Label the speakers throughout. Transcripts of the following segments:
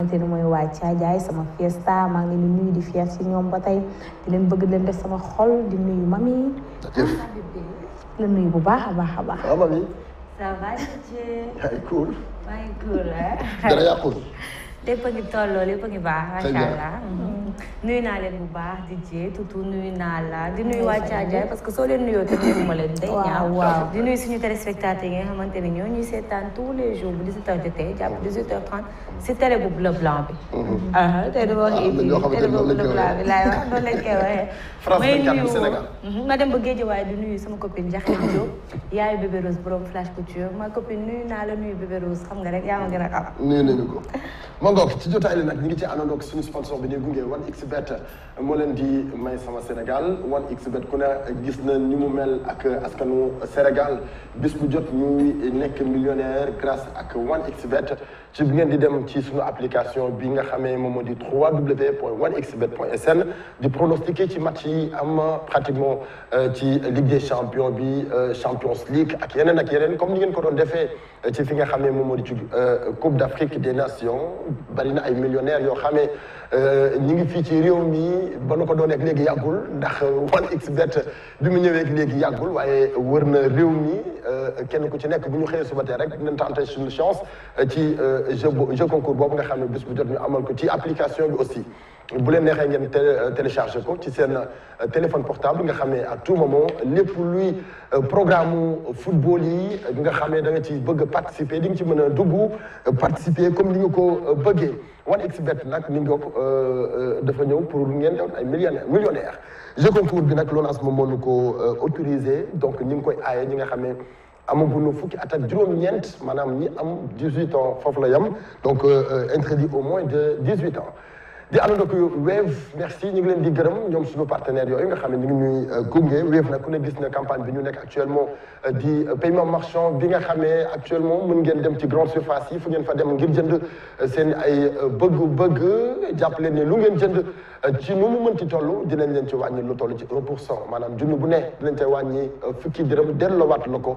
Speaker 1: xamante ni mooy waa Thiadiaye sama fiesta maa ngi leen di nuyu di ñoom ba tey di leen bëgg leen def sama xol di nuyu mami. jërëjëf la nuyu bu baax a baax a baax. waaw mami.
Speaker 2: ça va Didier. yaa ngi cool. maa ngi cool. dara yàqul. lépp tolloo lépp a baax. macha allah. Mhm. nuyu naa leen bu baax di jee tutu nuyu naa la di nuyu waa Caajaay parce que soo leen nuyoo te nuyuma leen day ñaaw waaw di nuyu suñu téléspectateurs yi nga xamante ne ñoo ñuy seetaan tous les jours bu 18 heures jotee jàpp 18 heures 30 si télé bu bleu blanc bi mhm. ah, tey dama wax ibi télé bu bleu bi laay wax noonu lañ koy waxee France 24 mhm, ma dem di nuyu sama yaayu bébé Rose borom flash couture ma copine nuyu naa la nuyu bébé Rose xam nga rek yaa ma gën a xam
Speaker 3: nuyu nañu ko ma ngoog ci jotaay li nag ñu ngi ci àndoon ak sponsor bi ñuy gunge 1xBet moo leen di may sama Sénégal 1xBet ku ne gis na ni mu mel ak askanu Sénégal bis bu jot ñuy nekk millionnaire grâce ak 1xBet ci bi ngeen di dem ci suñu application bi nga xamee moom di 3w point 1 di pronostiquer ci match yi am pratiquement euh, ci Ligue des champions bi euh, Champions League ak yeneen ak yeneen comme ni ngeen ko doon defee euh, ci fi nga xamee moom di ci Coupe d'Afrique des Nations bari na ay millionnaires yoo xamee ñi ngi fii ci réew mi ba nu ko doon ak léegi yàggul ndax 1xbet bi mu ñëweek léegi yàggul waaye wër na réew mi kenn ku ci nekk bu ñu xëyee suba tey rek dinañ tenté suñu chance ci je jeu concours bobu nga xamné bës bu jot ñu amal ko ci application bi aussi bu leen nexé ngeen euh, télécharger ko ci sen euh, téléphone portable nga xam à tout moment lépp luy euh, programme football yi nga xam da nga ci bëgg participer di nga ci mëna a dugg participer comme ni nga ko bëggé one xbet nak ni nga dafa ñëw pour ngeen doon ay millionnaire millionnaire je concours bi nak LONASE mo mënu ko autoriser donc ñing koy ayé ñi nga xam amagunu fukki at djoum juróom manam ni am 18 ans fofu la yam donc euh, euh, interdit au moins de 18 ans di àndandoo ak Wave merci ñu ngi leen di gërëm ñoom suñu partenaires yooyu nga xam ñu ngi ñuy euh, gunge Wave nag ku ne gis na campagne bi ñu nek actuellement di paiement marchand bi nga xamee actuellement mën ngeen dem ci grande surface yi fu ngeen fa dem ngir jënd seen ay bëgg-bëgg japp leen ne lu ngeen jënd ci nu mu mën mënti toll dinañ leen ci wàññi lu toll ci 1 pour cent maanaam junni bu ne dinañ tay wàññi fukki dërëm delloowaat la ko.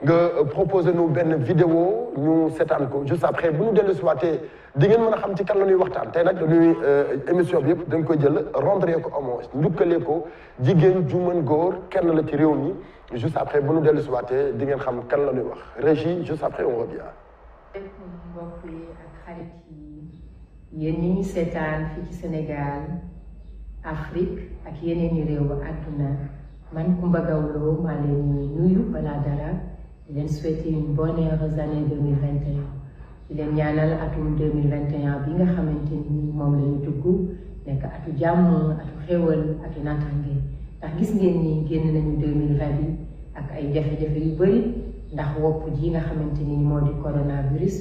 Speaker 3: nga euh, proposé nous benn vidéo ñu seetaan ko juste après bu ñu dellu si di ngeen mëna xam ci kan lañuy ñuy waxtaan tey nag dañuy euh, émission bi yëpp dañ ko jël rendre ko hommage ñukalé ko jigéen ju mën góor kenn la ci réew ni juste après bu ñu dellu si di ngeen xam kan lañuy wax régie juste après on revient.
Speaker 4: mbokk yi ak xarit yi yeen ñi sétane fi ci Sénégal Afrique ak yeneen i réew aduna man Coumba Gawlo maa leen nuyu balaa dara. di leen souhaiter une bonne et heureuse année 2021 di leen ñaanal atum 2021 bi nga xamante ni moom la ñu dugg nekk atu jàmm atu xéwal atu naataange ndax gis ngeen ni génn nañu 2020 bi ak ay jafe-jafe yu bëri ndax wopp ji nga xamante ni moo di coronavirus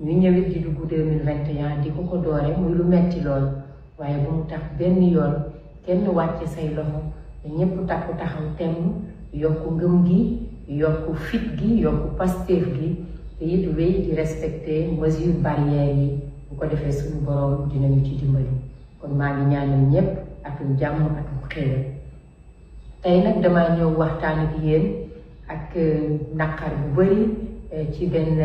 Speaker 4: ñu ñëwit di dugg 2021 di ko ko doore muy lu metti lool waaye bu mu tax benn yoon kenn wàcce say loxo ñépp takku taxaw temm yokk ngëm gi yokku fit gi yokku pasteef gi te it wéy di respecter mesure barrière yi bu ko defee suñu boroom dinañu ci dimbali kon maa ngi ñaanal ñépp atum jàmm atum xéewal tey nag damaa ñëw waxtaan ak yéen ak euh, naqar bu bari euh, ci benn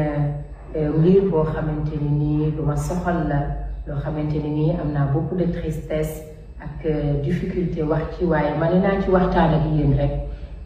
Speaker 4: euh, mbir boo xamante ni nii lu ma soxal la loo xamante ni nii am naa beaucoup de tristesse ak difficulté wax ci waaye ma naa ci waxtaan ak yéen rek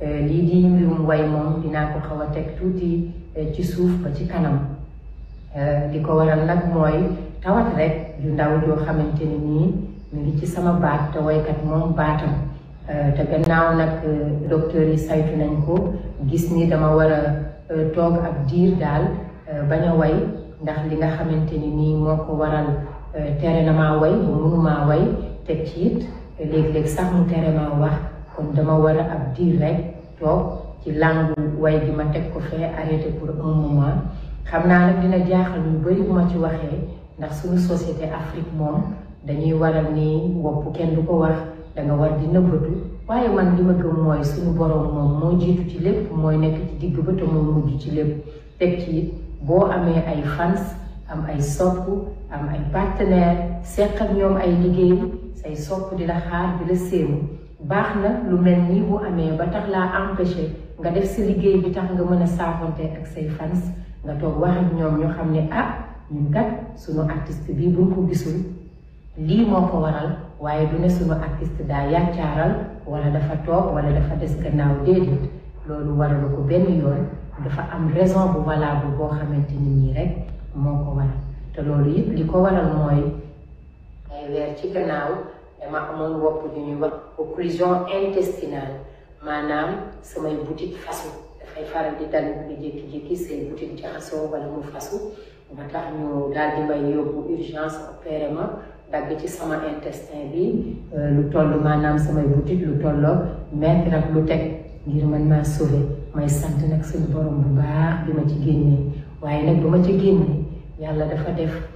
Speaker 4: Eh, lii di mbirum way moom dinaa ko xaw a teg tuuti eh, ci suuf ba ci kanam li eh, ko waral nag mooy tawat rek ju ndaw joo xamante ni nii mu ngi ci sama baat te waykat moom baatam te gannaaw nag docteur yi saytu nañ ko gis ni dama war a toog ak diir daal bañ a way ndax li nga xamante ni nii moo ko waral tere na maa way ba mënumaa way te ciit léeg-léeg sax mu tere maa wax kon dama war a ab diir rek toog ci langue way gi ma teg ko fee arrêté pour un moment xam naa nag dina jaaxal yu bari ma ci waxee ndax suñu société Afrique moom dañuy waral ni wopp kenn du ko wax danga war di nëbbatu waaye man li ma gëm mooy suñu boroom moom moo jiitu ci lépp mooy nekk ci digg ba te moo mujj ci lépp teg ci boo amee ay fans am ay sopp am ay partenaire seq ñoom ay liggéey say sopp di la xaar di la séemu baax na lu mel nii bu amee ba tax laa empêché nga def sa liggéey bi tax nga mën a saafonte ak say fans nga toog wax ñoom ñoo xam ne ah ñun kat sunu artiste bi buñ ko gisul lii moo ko waral waaye du ne sunu artiste daa yàccaaral wala dafa toog wala dafa des gannaaw déedéet loolu waralu ko benn yoon dafa am raison bu valable boo xamante nit ñi rek moo ko waral te loolu yëpp li ko waral mooy weer ci gannaaw dama amoon wopp ju ñuy wax occlusion intestinale maanaam samay butit fasu dafay faral di dal di jékki-jékki say butit jaxasoo wala mu fasu ba tax ñu daal di may yóbbu urgence opéré ma dagg ci sama intestin bi euh, lu toll maanaam samay butit lu tolloo mettre ak lu teg ngir man maa sauvé may sant nag suñu borom bu baax bi ma ci génnee waaye nag bu ma ci génnee yàlla dafa def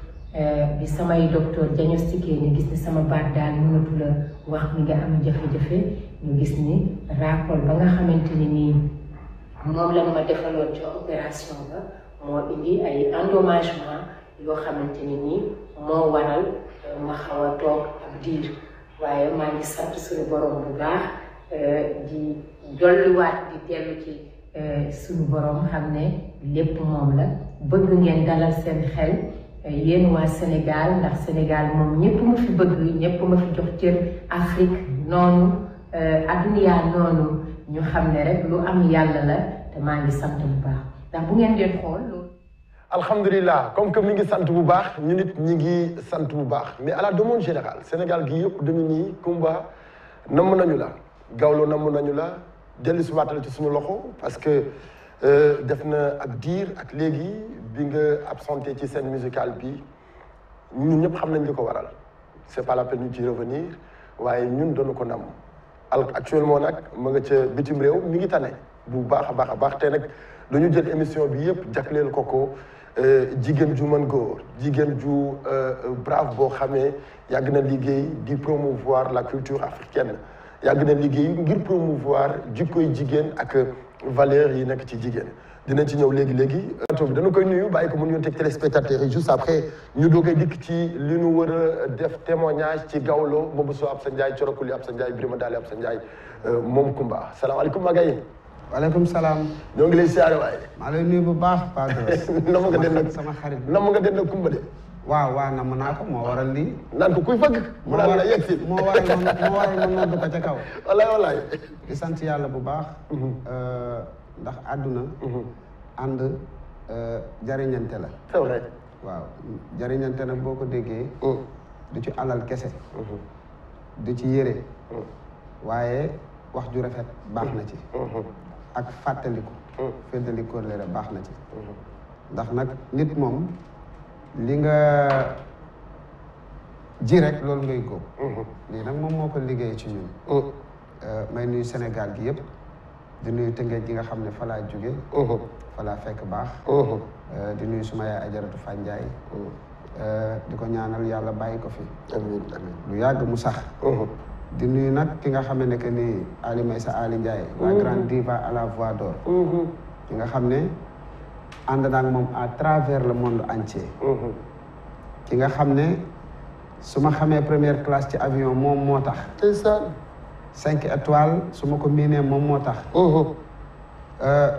Speaker 4: bi samay docteur diagnostiqué ni gis ni sama baat daal mënatu la wax ni nga am jafe-jafe ñu gis ni raakol ba nga xamanteni ni nii la lañ ma defaloon ci opération ba moo indi ay endommagement yoo xamanteni ni nii moo waral eh, ma xaw a toog ab diir waaye maa ngi sant suñu borom bu baax di dolliwaat eh, di dellu ci eh, suñu borom xam ne lépp moom la bëgg ngeen dalal seen xel Euh, yéen waa Sénégal ndax Sénégal moom ñëpp ma fi bëgg ñëpp ma fi jox cër Afrique noonu euh, adduniyaa noonu ñu xam ne rek lu am yàlla la te maa ngi sant bu baax ndax bu ngeen deen xool loolu
Speaker 3: alhamdulilah comme que mi ngi sant bu baax ñu nit ñu ngi sant bu baax mais à la demande Sénégal gi yëpp dañu nii Kumba namm nañu la Gawlo namm nañu la dellu si waatal ci suñu loxo parce que Euh, def na ak diir ak léegi bi nga absenté ci scène musicale bi ñun ñëpp xam nañ li ko waral c'est pas la peine ñu ci revenir waaye ñun doon ko nam al actuellement nag ma nga ca bitim réew mi ngi tane bu baax a baax a baax te nag dañu jël émission bi yëpp jagleel ko ko euh, jigéen ju mën góor jigéen ju euh, brave boo xamee yàgg na liggéey di promouvoir la culture africaine yàgg na liggéey ngir promouvoir jikkoy jigéen ak valeur yi nekk ci jigéen dinañ ci ñëw léegi léegi plateau bi dañu koy nuyu bàyyi ko mu nuyoon teg téléspectateurs yi juste après ñu doogay dikk ci li ñu war a def témoignage ci gawlo boobu soo Absa Ndiaye Corokuli Absa Ndiaye Birima Daale Absa Ndiaye euh, moom Kumba salaamaaleykum Magaye. waaleykum salaam. ñoo ngi lay siyaare waay. maa lay
Speaker 5: nuyu baax Pagos. nama nga dem nag sama xarit nama nga dem nag Kumba de. waaw waaw namm naa ko moo waral lii. naan ko kuy fëgg. moo waral yegg si moo waral moo ko ca kaw. walaay walaay. di sant yàlla bu baax. Mm-hmm. Euh, ndax àdduna. Mm-hmm. ànd euh, jariñante la. c'est vrai. waaw jariñante nag boo ko déggee. Mm. du ci alal kese. Mm-hmm. du ci yére. Mm. waaye wax ju rafet baax na ci. ak fàttaliku. Mm. fàttaliku leer baax na ci. ndax nag nit moom. li nga ji rek loolu ngay mhm. ko lii nak mom moko liggey ci ñun. Mhm. Euh, may nuyu Sénégal gi yëpp di nuyu Tëngéej gi nga xam ne fa laa jóge mhm. fa laa fekk baax. Euh, di nuyu suma yaay Ajaratu fanjay Ndiaye. Euh, di ñaanal yalla bayiko fi. amin amin lu yag mu sax. di nuyu nak ki nga xam ke ni Ali Maysa Ali Ndiaye. wa grand diva ala voix d'or. ki nga xam ànd naa moom à travers le monde entier. Mm-hmm. ki nga xam ne su ma xamee première classe ci avion moom moo tax. ndeysaan. cinq étoiles su ma ko miinee moom moo tax. Mm-hmm. Euh,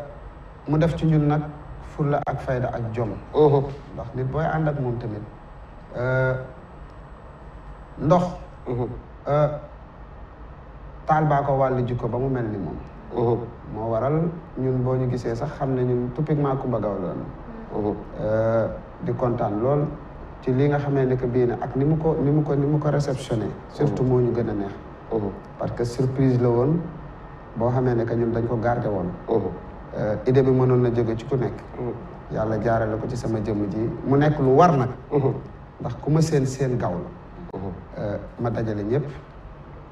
Speaker 5: mu def ci ñun nag fulla ak fayda ak jom. Mm-hmm. ndox nit booy ànd ak moom tamit euh, ndox. Euh, taal baa ko wàllu jikko ba mu mel ni moom. mo waral ñun bo ñu gisé sax xam ñun typiquement Kumba Gawlo la eh, di contane lool ci li nga xamé nek bi bii ak nimuko nimuko ko ni ko surtout mo ñu gëna neex parce que surprise la won bo xamé nek ñun dañ ko garder euh idée bi mënon na jëgë ci ku nekk yalla jaarale ko ci sama jëm ji mu nekk lu war nak ndax kuma seen seen gaw
Speaker 3: la
Speaker 5: eh, ma dajale ñëpp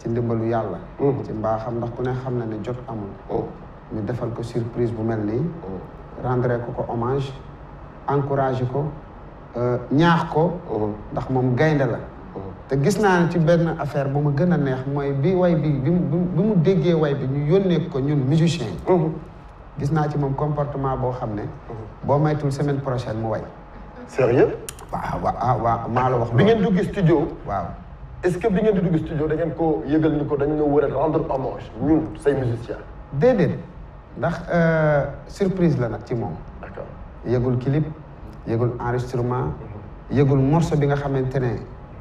Speaker 5: ci ndimbalu yàlla. Mm-hmm. ci mbaaxam ndax ku ne xam na ne jot amul. Oh. ñu defal ko surprise bu mel nii. Oh. rendre ko ko hommage encouragé ko euh, ñaax ko. Mm-hmm. ndax moom gaynde la. Mm-hmm. te gis naa ne ci benn affaire bu ma gën a neex mooy bi way bi bi mu déggee way bi ñu yónnee ko ñun musicien gis naa ci moom comportement boo xam ne.
Speaker 3: boo maytul semaine prochaine mu way. sérieux maa la wax. bi ngeen dugg studio. waaw. est-ce que bi ngeen di dugg studio da ngeen ko yëgal ni ko dañ la war a rendre hommage ñun say musiciens.
Speaker 5: déedéet ndax euh, surprise la nag ci moom. d'accord yëgul clip yëgul enregistrement. Mhm. yëgul morceau bi nga xamante ne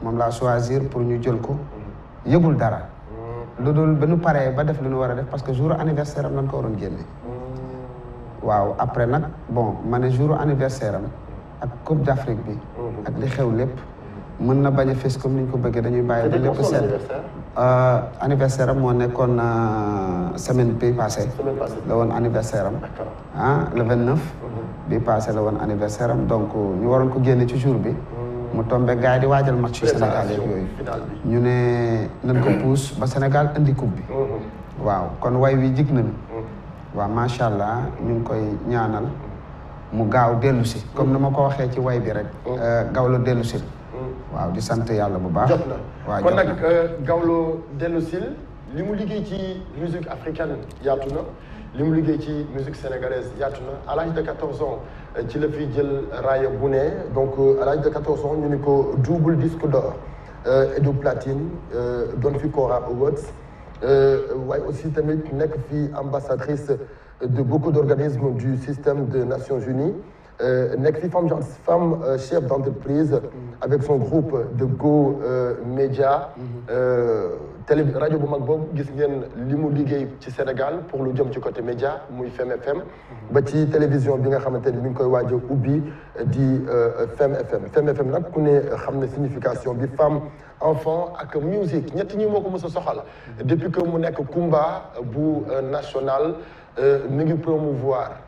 Speaker 5: moom laa choisir pour ñu jël ko. Mhm. yëgul dara. Mhm. lu dul ba nu paree ba def lu nu war a def parce que jour anniversaire am lañ ko waroon génne. waaw après nag bon ma ne jour anniversaire am. ak Coupe d'Afrique bi. ak li xew lépp. mën na bañ a fees comme ni ñu ko bëggee dañuy bàyyi ba lépp seet euh, anniversaire am moo nekkoon euh, semaine bi passé la woon anniversaire am ah le vingt neuf bi mhm. passé la woon anniversaire am donc ñu waroon ko génne ci jour bi mhm. mu tombe gars yi di waajal match yu Sénégal yeeg yooyu ñu ne nañ ko puus ba Sénégal indi coupe bi mhm. waaw kon way wi jig nañu waaw macha allah ñu ngi koy ñaanal mu gaaw dellu si comme ni ma ko waxee ci way bi rek euh, gaaw la dellu si waaw di sant yàlla bu baax. jot na waaw kon nag
Speaker 3: euh, ci musique africaine yaatu na li mu liggéey ci musique sénégalaise yaatu na à l'âge de 14 ans euh, ci la fi jël raaya bu donc euh, à l'âge de 14 ans ñu ni ko double disque d'or et de platine doon fi Cora Awards waaye aussi tamit nekk fi ambassadrice de beaucoup d'organismes du système des Nations Unies. Euh, nekk fi femme femme euh, chef d'entreprise mm-hmm. avec son groupe de Go Média mm-hmm. euh, radio rajo bu mag boobu gis ngeen li liggéey ci Sénégal pour lu jëm ci côté média Mouy Fem FM mm-hmm. ba ci télévision bi nga xamante ni ñu ngi koy waaj a di Fem FM Fem FM Là, ku ne xam signification bi femme enfant ak musique ñett ñi moo ko mos a soxal depuis que mu nekk Kumba bu national mi ngi promouvoir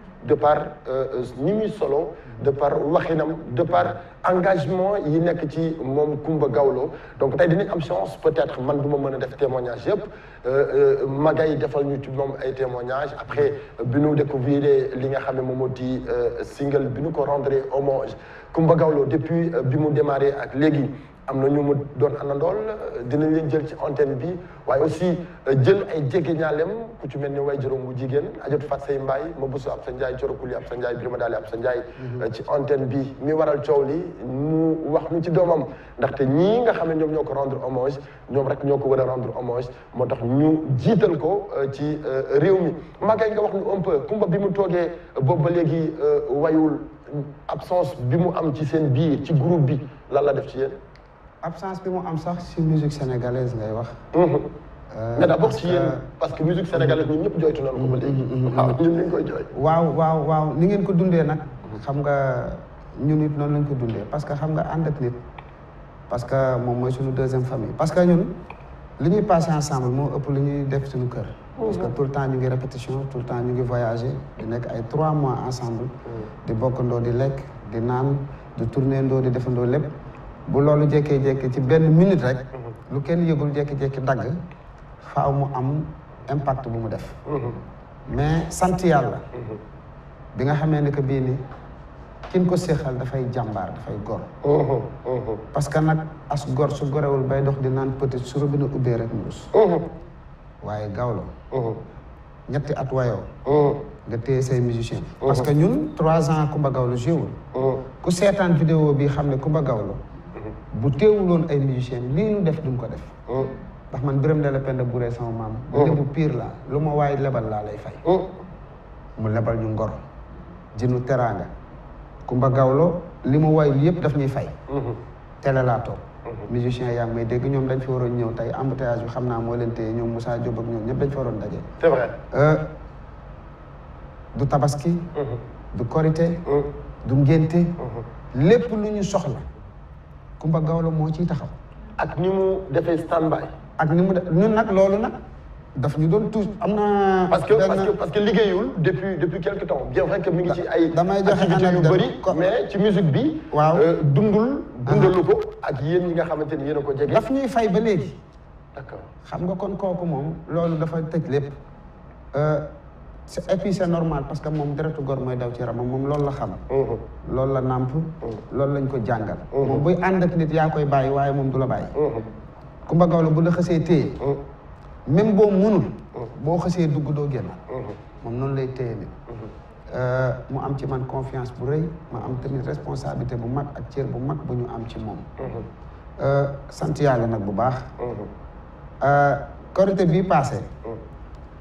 Speaker 3: de par euh, ni muy solo de par waxinam de par engagement yi nek ci mom Kumba Gawlo donc tay dinañ am chance peut-être man duma ma mën a def témoignage euh, euh magay defal ñu ci mom ay témoignage après euh, binu découvrir li nga xamné ne di single binu ko rendre hommage Kumba Gawlo depuis bimu démarrer démarré ak légui am na ñu mu doon àndandool dinañ leen jël ci antenne bi waaye aussi euh, jël ay jege ñaaleem ku ci mel ni way juróom bu jigéen ajot fat say mbaay ma busu ab sa njaay corokuli ab sa njaay birima daali ab sa njaay mhm. euh, ci antenne bi mi waral coow li mu wax ñu ci doomam ndaxte ñii nga xam ne ñoom ñoo ko rendre hommage ñoom rek ñoo ko war a rendre hommage moo tax ñu jiital ko euh, ci réew mi yi nga wax nu un peu kumba bi mu toogee boobu ba léegi wayul absence bi mu am ci seen biir ci groupe bi lan la def ci yéen absence bi mu am sax si musique sénégalaise ngay wax. Mhm. Euh, mais d'abord ci yéen parce que musique sénégalaise ñepp joytu jooytu nañu ko ba léegi.
Speaker 5: Mhm, mhm, ñun ñu ngi koy Wow, waaw waaw waaw ni ngeen ko dundé nak xam nga ñun it non lañ ko dundé parce que xam nga and ak nit. parce que mom moy suñu deuxième famille parce que ñun li ñuy passé ensemble moo ëpp li ñuy def suñu kër. parce que tout le temps ñu ngi répétition tout le temps ñu ngi voyager di nekk ay trois mois ensemble. di bokkandoo di lekk di naan di tourner ndoo di defandoo lépp. bu loolu jékkee-jékki ci benn minute rek lu kenn yëgul jékki-jékki dagg faaw mu am impact bu mu def mais sant yàlla bi nga xamee ne que bii ni kim ko séexal dafay jàmbaar dafay gor parce que nag as gor su gorewul bay ndox di naan peut-être su robinet ubbee rek mu waaye gawlo ñetti at wayoo nga téye say musicien parce que ñun trois ans Coumba Gawlo joué ku seetaan vidéo bi xam ne Coumba Gawlo bu teewuloon ay musiciens lii ñu def duñ ko def. Mm. ndax man Birame Ndella Penda Bouré sama maam. Mm. lébu pire laa lu ma waay lebal laa lay fay. Mm. mu lebal ñu ngor jinu teraanga Kumba Gawlo li mu waay yëpp daf ñuy fay. Mm-hmm. télé laa toog. Mm-hmm. musiciens yaa ngi may dégg ñoom dañ fi waroon ñëw tey embouteillage bi xam naa moo leen téye ñoom musaa Diop ak ñoom ñëpp dañ fi waroon daje. Euh, du tabaski. Mm-hmm. du korité. du ngénte. lépp lu ñu soxla. Kumba Gawlo moo ciy taxaw.
Speaker 3: ak ni mu defee standby.
Speaker 5: ak ni mu def ñun nag loolu nag daf ñu doon tous am na. parce que parce
Speaker 3: parce que liggéeyul depuis depuis quelque temps bien vrai que mi ngi ay. damay joxe anecdote yu bëri mais ci musique bi. waaw euh, dundul. lu ah. ko ak yéen ñi nga xamante ni yéen a ko jege. daf ñuy fay ba léegi.
Speaker 5: d'accord xam nga kon kooku moom loolu dafa tëj lépp. Euh, et c'est normal parce que mom deretu gor moy daw ci ram mom lool la xam mm-hmm. lool la namp mm-hmm. lool lañ ko jangal mm-hmm. mom buy and ak nit ya koy bayyi waye mom dula bayyi ku ba Gawlo bu la xese te même bo mënul bo xese dugg do génn mom non lay téye nit euh, mu am ci man confiance bu reuy ma am tamit responsabilité bu mag ak cër bu mag bu ñu am ci euh sant yalla nak bu baax corité euh, bi passé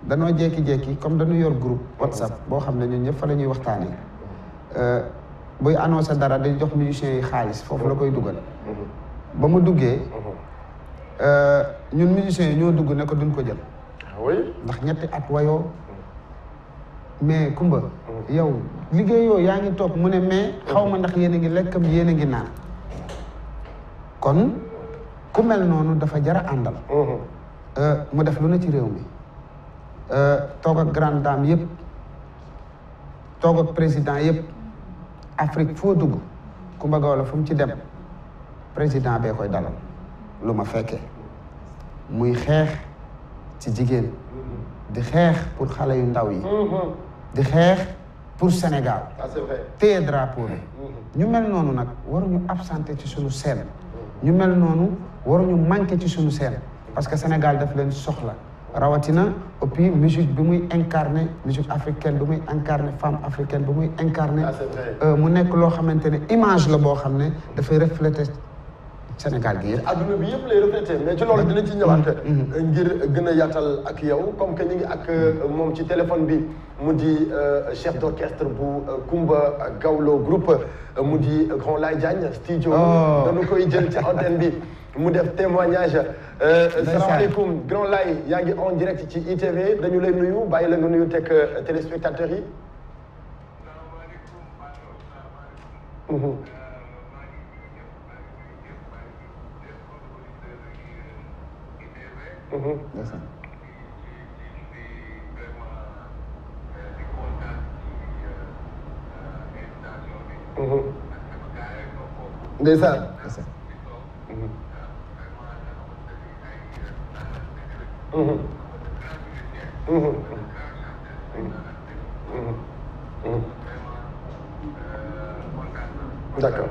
Speaker 5: danoo jékki-jékki comme dañu yor groupe whatsapp boo xam ne ñun ñëpp fa la ñuy waxtaanee euh, buy annoncé dara day jox musiciens yi xaalis foofu la koy dugal ba mu duggee euh, ñun musiciens yi ñoo dugg ne ko duñ ko jël ah ndax ñetti at wayoo mais Kumba yow liggéeyoo yaa ngi toog mu ne mais xaw ma ndax yéen a ngi lekkam yéen a ngi naan kon ku mel noonu dafa jara àndal mm-hmm. euh, mu def lu ne ci réew mi Eh, toga grandam yëpp toga presidente, yëpp Afrique foo dugg Coumba Gawlo fu presidente ci dem président bee koy dalal lu ma fekkee muy xeex ci jigéen di xeex pour xale yu ndaw yi di xeex pour Sénégal téye drapeau
Speaker 3: bi
Speaker 5: ñu mel noonu nag waruñu absenté ci suñu seen ñu mel noonu waruñu manqué ci suñu rawatina et puis musique bi muy incarner musique africaine bi muy femme africaine bi muy ah, euh mu nek lo xamantene image la bo xam da fay refléter Sénégal gi
Speaker 3: aduna bi yépp lay refléter mais ci lolu dina ci ñëwaat. Mm-hmm. Mm-hmm. ngir gëna yatal ak yow comme que ñi ngi ak euh, mom mm-hmm. ci téléphone bi mu di euh, chef d'orchestre bu Kumba euh, Gawlo groupe mu di Grand Laye Diagne studio. Oh. dañu koy jël ci antenne bi mu def témoignage. Euh, salaamaaleykum grand Laye yaa ngi en direct ci ITV dañu lay nuyu bàyyi la nga nuyu teg euh, téléspectateurs yi. ndeysaan d'accord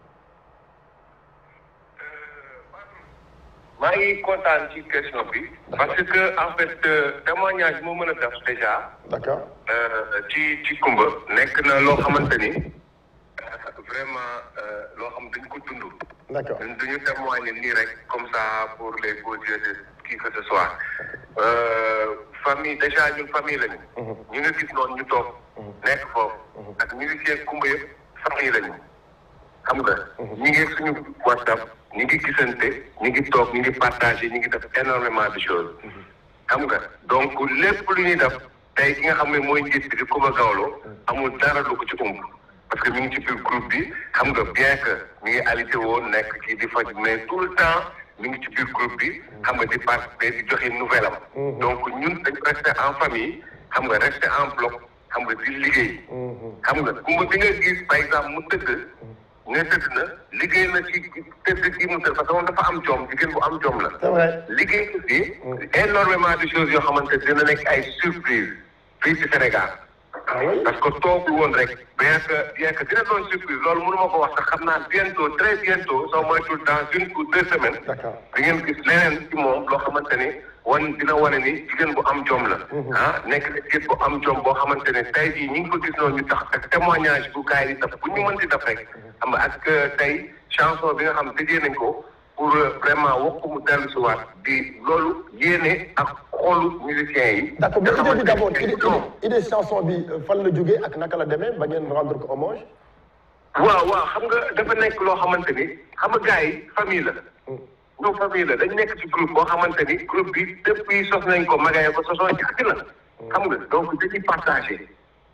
Speaker 6: maa ngi kontaan ci question bi. parce que en euh, témoignage moo mën a def déjà. d'accord euh, ci ci Kumba. nekk na loo xamante ni euh, vraiment loo xam dañ ko dund. d'accord duñu témoigner nii rek comme ça pour les beaux de qui que ce soit. famille déjà ñun famille lañu. Mhm. ñu nga gis noonu ñu toog. Mhm. nekk foofu. Mhm. ak musicien Kumba yëpp famille lañu. xam nga. ñu ngi suñu WhatsApp ñu ngi gisante ñu ngi toog ñu ngi partagé def énormément de choses. xam nga donc lépp lu ñuy def tey ki nga xam ne mooy njiit bi di Coumba Gawlo amul dara lu ko ci umb. parce que mi ngi ci biir groupe bi xam nga bien que ngi alité woon nekk kii di faj mais tout le temps mi ngi ci biir groupe bi xam nga di participer di joxe nouvelle am. donc ñun dañu rester en famille xam nga rester en bloc xam nga di liggéey. xam nga kumba bi nga gis mais tëdd na liggéey na ci tëdd gi mu tëdd parce que moom dafa am jom jigéen bu am jom la. liggéey aussi. énormément de choses yoo xamante dina nekk ay surprise fii ci Sénégal. parce que toogul woon rek. bien que bien que dina doon surprise loolu mënu ma ko wax sax xam naa bientôt très bientôt soo moytuwul dans une ou deux semaines. d'accord di ngeen gis leneen ci moom loo xamante ni. wan dina wane ni jigéen bu am jom la mhm. ah nekk jigéen bu am jom bo xamantene ne ji ñing ko gis ñu tax ak témoignage bu gars yi daf bu ñu mën di daf rek mhm. am ak euh, tay chanson bi nga xam tëjee nañ ko pour euh, vraiment wax mu dellu ci waat di lolu yéene ak xolu musicien yi. d' idée bi d'
Speaker 3: idée chanson bi euh, fan la jógee ak naka la démé ba ngeen rendre ko hommage. waaw waaw
Speaker 6: xam nga dafa nekk loo xamante ni xam nga gars yi famille la. Mm. groupe famille dañ nekk ci groupe boo xamante ni groupe bi depuis sos nañ ko magaye ko sosoo yàgg mm. xam nga donc dañuy partagé.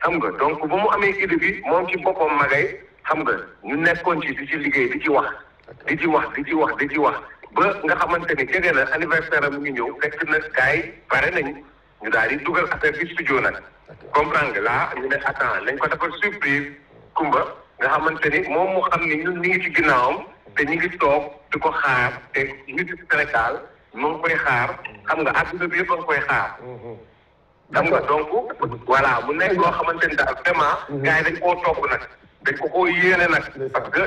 Speaker 6: xam nga donc ba mu amee idée bi moom ci boppam magay xam nga ñu nekkoon ci di ci liggéey di ci wax. di ci wax di ci wax di ci wax ba nga xamante ni jege na anniversaire am ñu ñëw fekk na gars yi pare nañu ñu daal di dugal affaire bi studio nag. comprendre nga laa ñu ne attends nañ ko defal surprise Kumba nga xamante ni moom mu xam ni ñun ñu ngi ci ginnaawam. te ñu ngi toog di ko xaar te nit ci Sénégal moo koy xaar xam nga adduna bi yëpp a koy xaar. xam nga donc voilà mu nekk loo xamante ni daal vraiment. Mhm. gars yi dañ koo topp nag. dañ ko koo yéene nag. parce que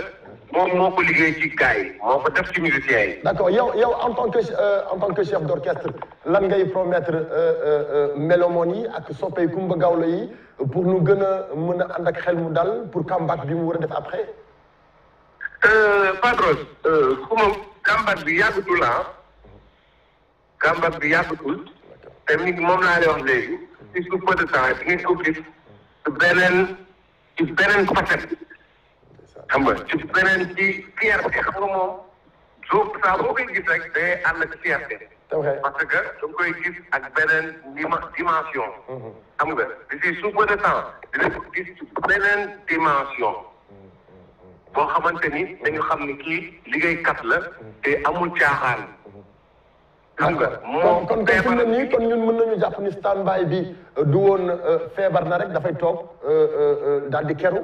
Speaker 6: moom moo ko liggéey ci gars yi moo ko def ci musiciens yi.
Speaker 3: d' accord yow yow en tant que euh, en tant que chef d' orchestre lan ngay promettre euh, euh, mélomane yi ak soppey Kumba Gawlo yi pour ñu gën a mën a ànd ak xel mu dal pour comeback bi mu war a def après. Euh, Padros
Speaker 6: euh, ku moom kàmbat bi yàggatul ah kàmbat bi yàggatul te nit moom laa lay wax léegi ci su peu de temps di ngeen ko gis beneen ci beneen facette xam nga ci beneen ci fierté xam moom soo saa boo koy gis rek day ànd ak fierté parce que da nga koy gis ak beneen dimension mhm. xam nga di ci su peu de temps dina ko gis beneen boo xamante ni dañu xam ni kii kat la te amul caaxaan. xam nga
Speaker 3: moom kon kon kon nii kon ñun mën nañu jàpp ni standby bi euh, du woon euh, feebar na rek dafay toog euh, daal di keru.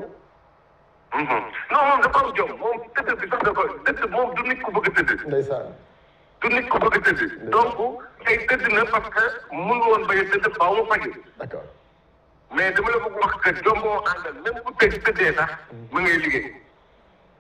Speaker 3: Mm-hmm.
Speaker 6: non moom dafa bëgg a tëdd. du nit ku bëgg a tëdd. donc tey tëdd na parce que mënu woon bañ a tëdd faaw mu faju. d'accord mais dama la bëgg wax que jom moo àndal même bu tëj tëddee mu ngay liggéey.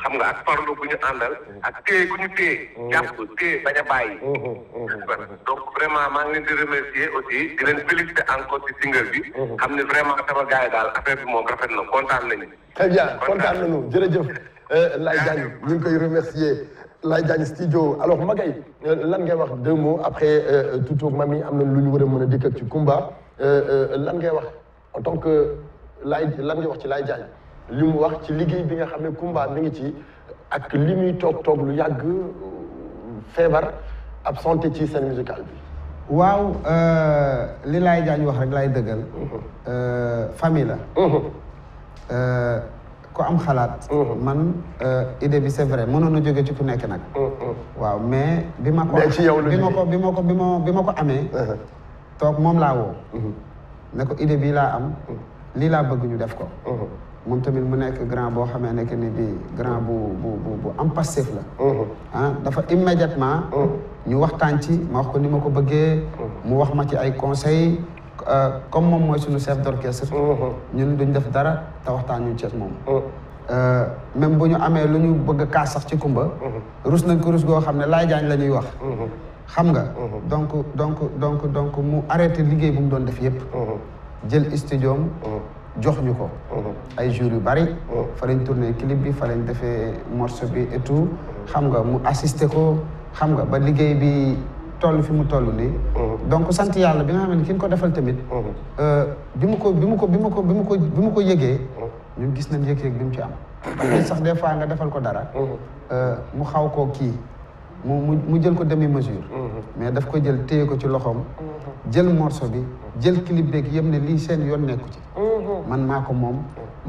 Speaker 6: xam nga ak parlo bu ñu àndal ak téye bu ñu téye mm-hmm. jàpp téye bañ a bàyyi mm-hmm. donc vraiment maa ngi leen di remercier aussi di leen féliciter encore ci single bi mm-hmm. xam ne vraiment sama gars yi daal affaire bi moom rafet na kontaan
Speaker 3: nañu très bien kontaan nañu jërëjëf euh, Laye Diagne ñu ngi koy remercier lay Diagne studio alors magay euh, lan ngay wax deux mots après euh, Toutou Mami am na lu ñu war a mën a dikk ak ci Kumba lan ngay wax en tant que lay lan ngay wax ci lay Diagne li wax ci liggéey bi nga xam ne Kumba mi ngi ci ak li muy toog toog lu yàgg feebar ab absenté ci scène musicale bi. waaw euh,
Speaker 5: li laay jaañ wax rek lay dëggal. Mm-hmm. Euh, famille la. Mm-hmm. Euh, ko am xalaat. Mm-hmm. man idée bi c'est vrai mënoon na jóge ci ku nekk nag. waaw mais bi ma ko. ci yow bi ma ko bi bi ma bi ma ko amee. Uh-huh. toog moom laa woo. ne ko idée bii laa am. lii laa bëgg ñu def ko. moom tamit mu nekk grand boo xamee ne que ni bii grand bu bu bu am passif la. Mhm. ah dafa immédiatement. Mhm. ñu waxtaan ci ma wax ko ni ma ko bëggee. Mhm. mu wax ma ci ay conseils euh, comme moom mooy suñu chef d'orchestre. ñun duñ def dara te waxtaan ñu ci moom. Euh, même bu ñu amee lu ñu bëgg a kaas sax ci kumba. rus nañ ko rus goo xam ne laay jaañ la ñuy wax. xam nga. donc donc donc donc mu arrêté liggéey bu mu doon def yépp jël studio jox ñu ko. Mhm. ay jours yu bari. Mhm. fa lañ tourné clip bi fa lañ defee morceau bi et tout. xam nga mu assisté ko xam nga ba liggéey bi toll fi mu toll nii. Mhm. donc sant yàlla bi nga xam ne ki ñu ko defal tamit. Euh, bi mu ko bi mu ko bi mu ko bi mu ko bi mu ko yëgee. ñun gis nañ yëg-yëg bi mu ci am. parce sax des fois nga defal ko dara. Euh, mu xaw koo kii mu mu mu jël ko demi mesure. mais daf ko jël téye ko ci loxoom. jël morceau bi jël clip beeg yëpp ne lii seen yoon nekku ci. man maa ko moom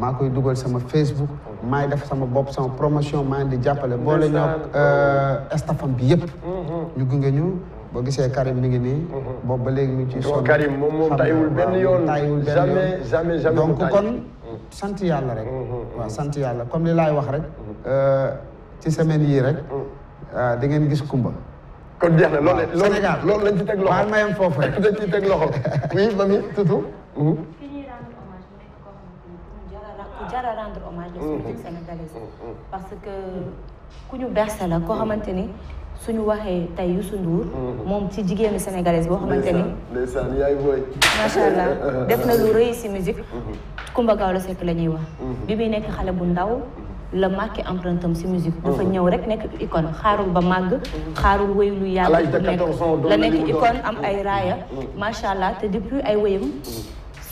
Speaker 5: maa koy dugal sama Facebook maay def sama bopp sama promotion maa di jàppale boole ñoo euh, stafam bi yëpp mm-hmm. ñu gunge ñu boo gisee Karim mi ngi nii mm-hmm. boobu ba léegi mi ngi ciy sonn Karim moom moom tayiwul benn yoon tayiwul benn donc kon mm-hmm. sant yàlla rek waaw sant yàlla comme li laay wax rek euh, ci semaine yii rek euh, da ngeen gis Kumba kon jeex na loolu Sénégal loolu teg loxo waaw mayam foofu rek dañ ci teg
Speaker 3: loxo oui mami tutu
Speaker 2: jar a rendre hommage les mmh. politiques sénégalaises mmh. mmh. parce que ku ñu berse la koo xamante ni su ñu waxee tey Youssou Ndour moom ci jigéenu sénégalaise boo xamante ni
Speaker 3: ndeysaan yaay booy allah def na lu rëy si
Speaker 2: musique Coumba Gawlo Seck la ñuy wax bi muy nekk xale bu ndaw la marqué empreinte am si musique dafa ñëw rek nekk icône xaarul ba màgg xaarul wéy lu yàgg la nekk icône am ay raaya macha allah te depuis ay wéyam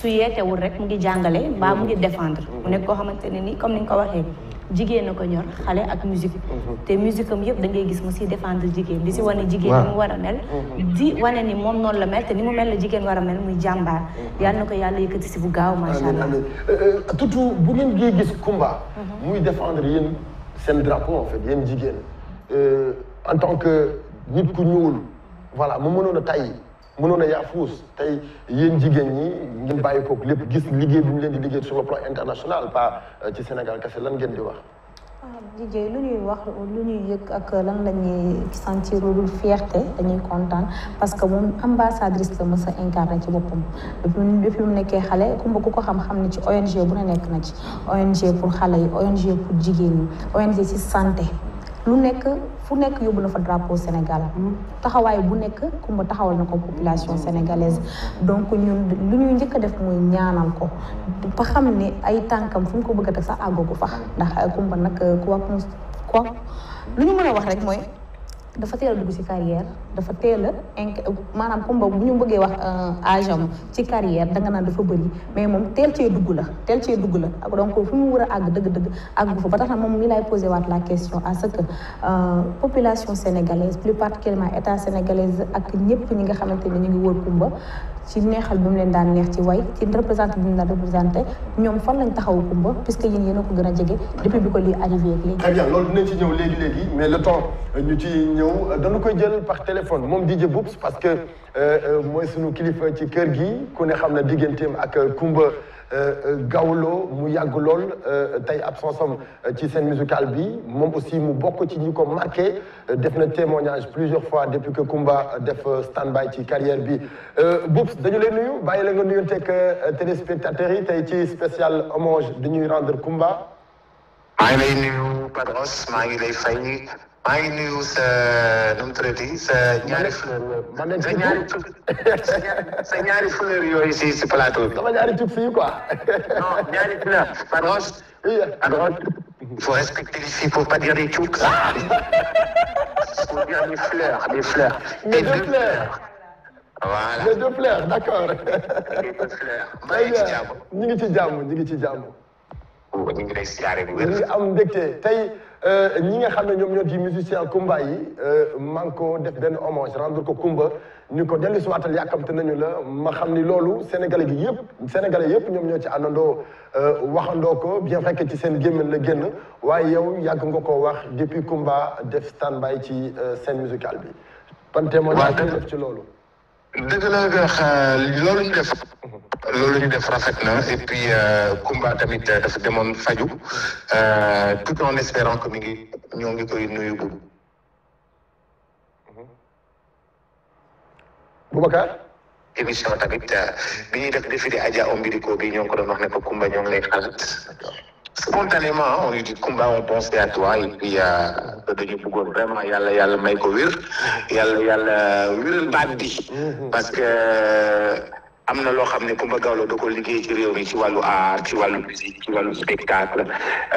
Speaker 2: su yéetewul rek mu ngi jàngale mbaa mu ngi défendre u nekk koo xamante ne ni comme ni nga ko waxee jigéen na ko ñor xale ak musique mhm. te musique am yëpp da ngay gis mu si défendre jigéen di si wane jigéen ni mu war a mel mhm. di wane ni moom noonu la mel te ni mu mel la jigéen war a mel muy jàmbaar mhm. yal na ko yàlla yëkkati si bu gaaw macha allah
Speaker 3: euh, euh, tutu bu ngeen ngee gis Kumba muy défendre yéen seen drapeau en fait jigéen euh, en tant que nit ku ñuul voilà mu mënoon a mënoon a yaa fuus tey yéen jigéen ñi ngeen bàyyi kook lépp gis liggéey bu ñu leen di liggéey sur le plan international pas euh, ci Sénégal kese lan ngeen di wax.
Speaker 1: Ah, DJ lu ñuy wax lu ñuy yëg ak lan la ñuy sentir lu fierté dañuy kontaan parce que moom ambassadrice la mës a incarné ci boppam depuis mu nekkee xale kumba ku ko xam-xam ne ci ONG bu ne nekk na ci ONG pour xale yi ONG pour jigéen ñi ONG ci santé lu nekk. bu nekk yóbbu na fa drapeau Sénégal taxawaay bu nekk kumba taxawal na ko population sénégalaise donc ñun lu ñuy njëkk a def mooy ñaanal ko ba xam ni ay tànkam fu mu ko bëgg a teg sax àggu ko fa ndax kumba nag quoi quoi lu ñu mën a wax rek mooy dafa teel dugg ci carrière dafa teel a inc maanaam comme bu ñu bëggee wax euh, âge am ci carrière danga naan dafa bëri mais moom teel cee dugg la teel cee dugg la ak donc fu ñu war a àgg dëgg-dëgg àgg fa ba tax moom mi lay posé waat la question à ce que euh, population sénégalaise plus particulièrement état sénégalaise ak ñëpp ñi nga xamante ne ñu ngi wër Kumba ci neexal bi mu leen daan neex ci way ci représenté bi mu daan représenté ñoom fan lañ taxaw Kumba puisque yéen yéen a ko gën a jege depuis bi ko lii arrivé ak léegi. très bien loolu
Speaker 3: dinañ ci ñëw léegi léegi mais le temps ñu ci ñëw dañu koy jël par téléphone moom DJ Boubs parce que euh, euh, mooy suñu kilifa ci kër gi ku ne xam na digganteem ak Kumba. Euh, euh, gaulo mu taï musical Tissène absence euh, aussi marqué témoignage plusieurs fois depuis que Kumba def stand-by ci carrière bi tu dañu le nuyu bàyyi la téléspectateurs spécial hommage nous rendre
Speaker 7: iNews Nutritives eh, nyari se non funeer yooyu si si plateau bi. dama
Speaker 3: ñaari tub fii quoi. non ñaari fila Faroche.
Speaker 7: alors il faut respecter les filles faut pas dire des tubes. pour ah!
Speaker 3: dire des fleurs des fleurs. des deux fleurs. voilà les deux fleurs d'accord. les deux fleurs. maa ngi ci jàmm ñu ngi ci jàmm ñu ngi ci jàmm. ñu ngi lay siyaare bu wér. ñu ngi am mbégte tey. Euh, ñi nga xam ne ñoom ñoo di musicien Kumba yi euh, maa ngi ko def benn hommage rendre ko Kumba ñu ko dellu si waatal yàkkamte nañu la ma xam ni loolu sénégalais gi yëpp sénégalais yëpp ñoom ñoo ci àndandoo euh, waxandoo ko bien vrai que ci seen gémmiñ la génn waaye yow yàgg nga koo wax depuis Kumba def stand by ci scène musicale bi ban témoignage def ci loolu dëgg la loolu ñu def
Speaker 7: loolu ñu def rafet na et puis euh, Kumba tamit euh, dafa demoon faju euh, tout en espérant que mi ngi ñoo ngi koy nuyu bu Boubacar émission tamit bi ñuy def défilé o Ombiriko bi ñoo ngi ko doon ne ko Kumba ñoo lay xalaat spontanément hein, on dit Kumba on pensait à toi et puis à dañu bëggoon vraiment yàlla yàlla may ko wér yàlla yàlla euh, wéral baat bi parce que amna lo loo xam ne Kumba Gawlo da ko liggéey ci réew mi ci walu art ci walu musique ci wàllu spectacle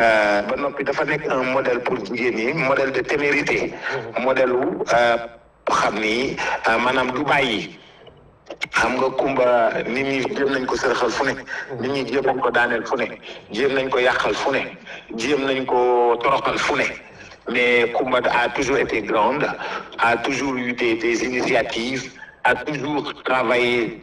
Speaker 7: euh, ba nopi dafa nek un modèle pour jigéen ñi modèle de témérité modèle wu euh, xam ni maanaam du Hamga kumba ni mi jéem nañ ko sërxal fu ne nit ñi jéem nañ ko daaneel fu ne jéem nañ ko yàqal fu ne jéem ko toroxal fu mais kumba a toujours été grande a toujours eu des des initiatives a toujours travaillé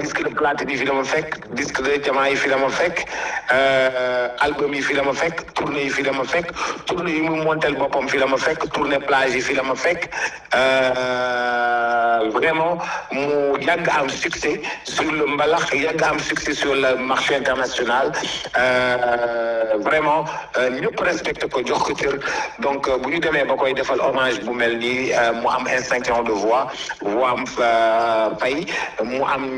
Speaker 7: disque de platine yi fi la fekk disque de jamaa yi fi dama fekk euh, album yi fi dama fekk tournée yi fi dama fekk tournée yi muy montel boppam fi dama ma fekk tournée plage yi fi dama fekk euh, vraiment mu yàgg am succès sur le mbalax yàgg am succès sur le marché international euh, vraiment ñëpp respecté ko jox ko cër donc bu ñu demee ba koy defal hommage bu mel nii mu am instinction de voix voix am fay mu am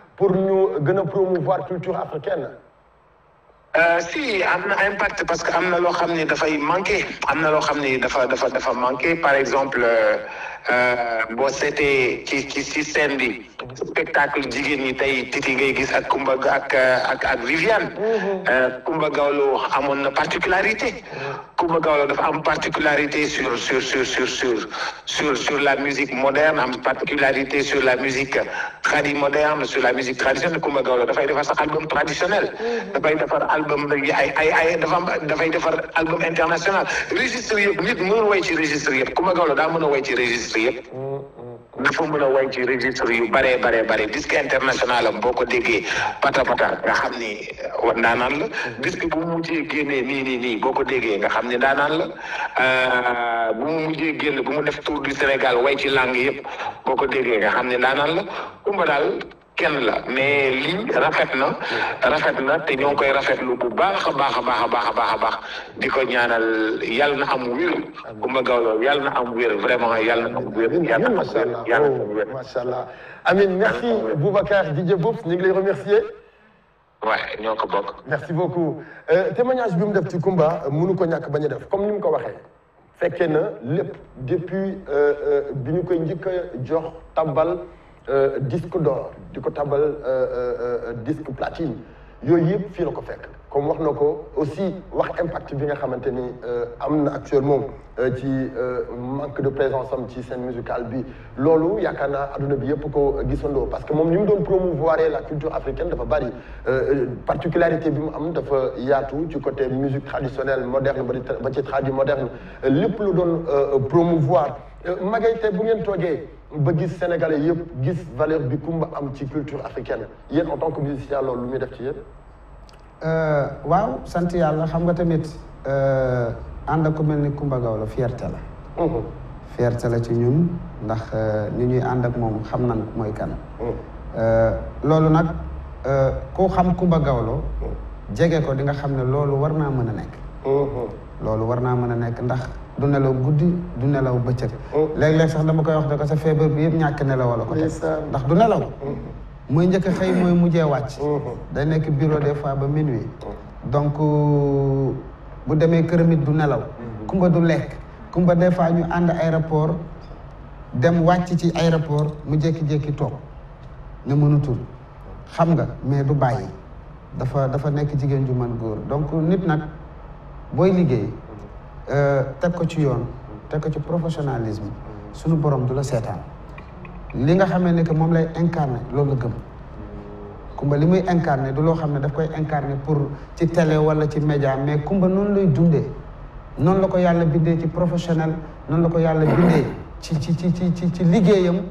Speaker 3: pour nous promouvoir la culture africaine.
Speaker 7: Euh, si a un impact parce qu'il y a des choses qui manqué par exemple. Euh, euh, boo seetee ci qui ci scène bi spectacle jigéen ñi tey titi ngay gis ak Kumba ak ak ak Viviane Kumba mm-hmm. euh, Gawlo amoon particularité Kumba mm-hmm. Gawlo dafa am particularité sur sur sur sur sur sur sur la musique moderne am particularité sur la musique tradie moderne sur la musique traditionnelle Kumba Gawlo dafay defar un album traditionnel mm-hmm. dafay un album ay ay ay dafa dafay album international registre yëpp nit mënul way ci registre yëpp Kumba Gawlo daa mën way ci registre registre yëpp dafa mën a way ci registre yu bare bare bare disque international am boo ko déggee pata pata nga xam ni euh, ndaanaan la disque bu mu mujjee génnee nii nii nii boo ko déggee nga xam ne ndaanaan la euh, bu mu mujjee génn bu mu def tour du Sénégal way ci langue yëpp boo ko déggee nga xam ni ndaanaan la kumba daal kenn la mais lii rafet na rafet na te ñoo ngi koy rafetlu bu baax a baax a baax a baax a baax a baax di ko ñaanal yàlla na am wér Coumba Gawlo yàlla na am wér vraiment yàlla na am
Speaker 3: wér yàlla na am wér macha allah oh, amin merci Boubacar Didier Bopp ñu ngi lay remercier waaye ñoo ko bokk merci beaucoup euh, témoignage bi mu def ci Kumba euh, mënu ko ñàkk bañ a def comme ni mu ko waxee fekkee na lépp depuis euh, bi ñu koy njëkk a jox tabal euh, disque d'or di ko tabal euh, euh, disque platine yooyu yëpp fii la comme wax na aussi wax impact bi nga xamanteni euh amna actuellement ci manque de présence am ci scène musicale bi lolu yakana aduna bi yëpp ko gissando parce que mom li mu doon promouvoir la culture africaine dafa bari particularité bi mu am dafa yatou ci côté musique traditionnelle moderne ba ci tradi moderne lepp lu doon promouvoir magay te bu ngeen toge ba gis Sénégalais yëpp gis valeur bi Kumba am ci culture africaine yéen en tant que musicien loolu lu muy def ci yéen.
Speaker 5: Euh, waaw sant yàlla xam nga tamit euh, ànd ak ku mel ni Kumba Gawlo fierté la. fierté la ci ñun ndax euh, ñu ñuy ànd ak moom xam nañ mooy kan. loolu nag ku xam Kumba Gawlo. jege ko di nga xam ne loolu war naa mën a nekk. loolu war naa mën a nekk ndax. du nelaw guddi du nelaw bëccëg mm-hmm. léeg-léeg sax dama koy wax ne ko sa feebar bi yëpp ñàkk nelaw la ko teg ndax du nelaw mm-hmm. mooy njëkk a xëy mooy mujjee mm-hmm. day nekk bureau des fois ba minuit donc euh, bu demee këram du nelaw kumba du lekk kumba des fois ñu ànd aéroport dem wàcc ci aéroport mu jékki-jékki toog ne mënutul xam nga mais du bàyyi dafa dafa nekk jigéen ju mën góor donc nit nag booy liggéey Euh, teg ko ci yoon teg ko ci professionnalisme suñu borom du la seetaan li nga xamee ne que moom lay incarné loolu la gëm kumba li muy incarné du loo xam ne daf koy incarné pour ci télé wala ci média mais kumba noonu lay dundee noonu la ko yàlla bindee ci professionnel noonu la ko yàlla bindee ci ci ci ci ci liggéeyam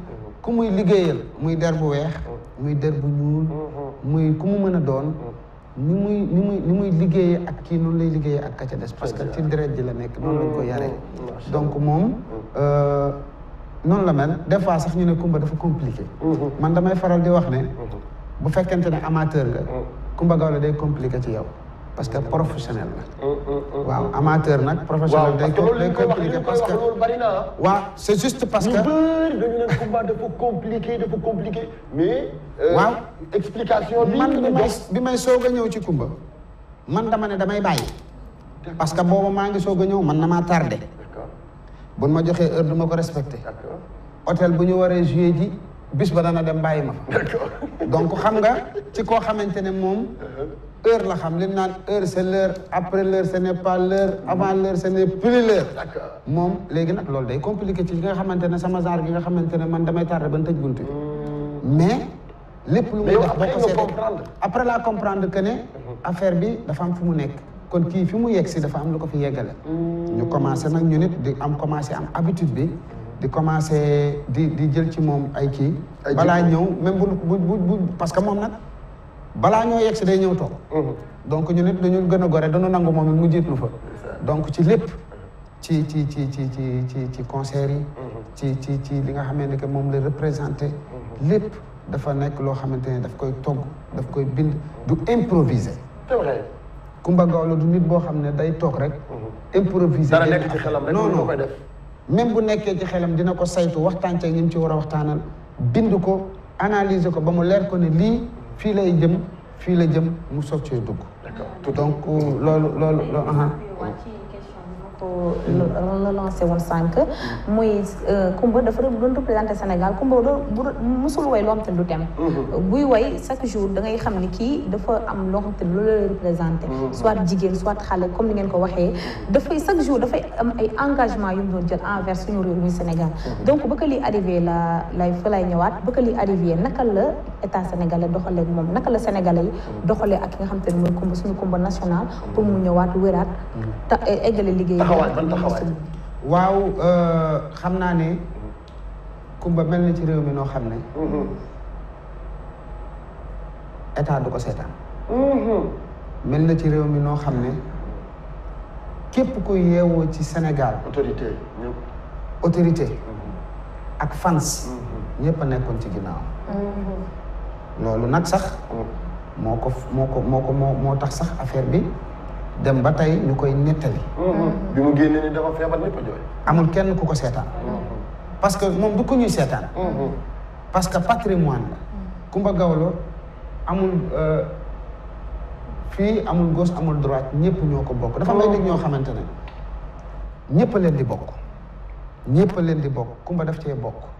Speaker 5: ku muy liggéeyal muy der bu weex muy der bu ñuul muy ku mu mën a doon ni muy ni muy muy liggéeyee ak kii noonu lay liggéeyee ak ka des parce que ci deret ji la nekk noonu lañ ko yare mm, mm, mm, donc moom euh, noonu la mel des fois sax ñu ne Kumba dafa compliqué mm-hmm. man damay faral di wax ne mm-hmm. bu fekkente ne amateur nga Kumba Gawlo day compliqué ci yow parce que professionnel la. Mm, mm, mm, waaw amateur nag. professionnel day compliqué parce que waaw c' est juste parce
Speaker 3: que. lu bëri dañu ne combat dafa euh, man
Speaker 5: bi may bi soog a ñëw ci Kumba. man dama ne damay bàyyi. parce que boobu maa ngi soog a ñëw man na maa tardé. d'
Speaker 3: accord
Speaker 5: ma joxee heure du ma ko respecté. hôtel bu ñu waree joué bis ba dana dem bayima d'accord donc xam nga ci ko xamantene mom moom heure la xam li mu heure c'est l'heure après l'heure ce n'est pas l'heure avant l'heure ce n'est plus l'heure mom légui nak lolou day compliquer ci nga xamantene sama jar gi nga xamantene man damay tardé ban tëj buntu hmm. mais lepp lu mu wax boo ko après la comprendre que né hmm. affaire bi dafa am fu mu nekk kon ki fi mu yegg si dafa am lu ko fi yeggale hmm. ñu commencé nak ñu nit di am commencé am habitude bi de commencer di di jël ci mom ay ki bala ñëw même bu bu bu parce que mom nak bala ñoo yex day ñëw tok mhm. donc ñu nit dañu gëna goré dañu nangu mom it mu jiitlu fa. donc ci lépp. ci ci ci ci ci ci ci concert yi. Mhm. ci ci ci li nga xamante que mom la représenter mhm. lépp dafa nek lo xamante daf koy togg daf koy bind du improviser. c'est vrai. Coumba Gawlo du nit bo xamné ne day toog rek.
Speaker 3: improviser dara nek ci xelam rek koy def
Speaker 5: même bu nekké ci xelam dina ko saytu waxtan ci ñim ci wara waxtanal waxtaanal bind ko analyser ko ba mu lér ko ne li fi lay jëm fi la jëm mu soog cee dugg. d'accord donc lolu lolu aha
Speaker 1: ko relancé woon sànq muy euh, Kumba dafa doon représenté Sénégal Kumba doon bu musul way loo xam te du dem mm-hmm. buy way chaque jour da ngay xam ni kii dafa am loo te lu la représenté mm-hmm. soit jigéen soit xale comme ni ngeen ko waxee dafay chaque jour dafay am ay engagement yu mu doon jël envers suñu réew muy Sénégal mm-hmm. donc ba ko lii arrivé la lay fa lay ñëwaat ba ko lii arrivé naka la état sénégalais doxalee moom naka la sénégalais yi doxalee ak ki nga xam te ne mooy Kumba suñu Kumba national pour mu
Speaker 3: taxawaay ban taxawaay.
Speaker 5: waaw euh, xam naa ne. Kumba mel na ci réew mi noo xam ne. Mhm. état du ko seetaan. Mhm. mel na ci réew mi noo xam ne képp ku yeewoo ci Sénégal. autorité ñëpp. autorité. Mhm. ak fans. ñëpp a nekkoon ci ginnaaw. loolu nag sax. moo ko moo ko moo ko moo moo tax sax affaire bi. dem ba tey ñu koy nettali.
Speaker 3: Mm-hmm. bi mu génnee ni dafa feebar ñëpp a
Speaker 5: amul kenn ku ko seetaan. Mm-hmm. parce que moom du ko ñuy seetaan. Mm-hmm. parce que patrimoine la. Kumba Gawlo amul euh, fii amul gauche amul droite ñëpp ñoo ko bokk. dafa may nit ñoo xamante ne ñëpp
Speaker 3: leen di bokk. ñëpp
Speaker 5: leen di bokk Kumba def cee bokk.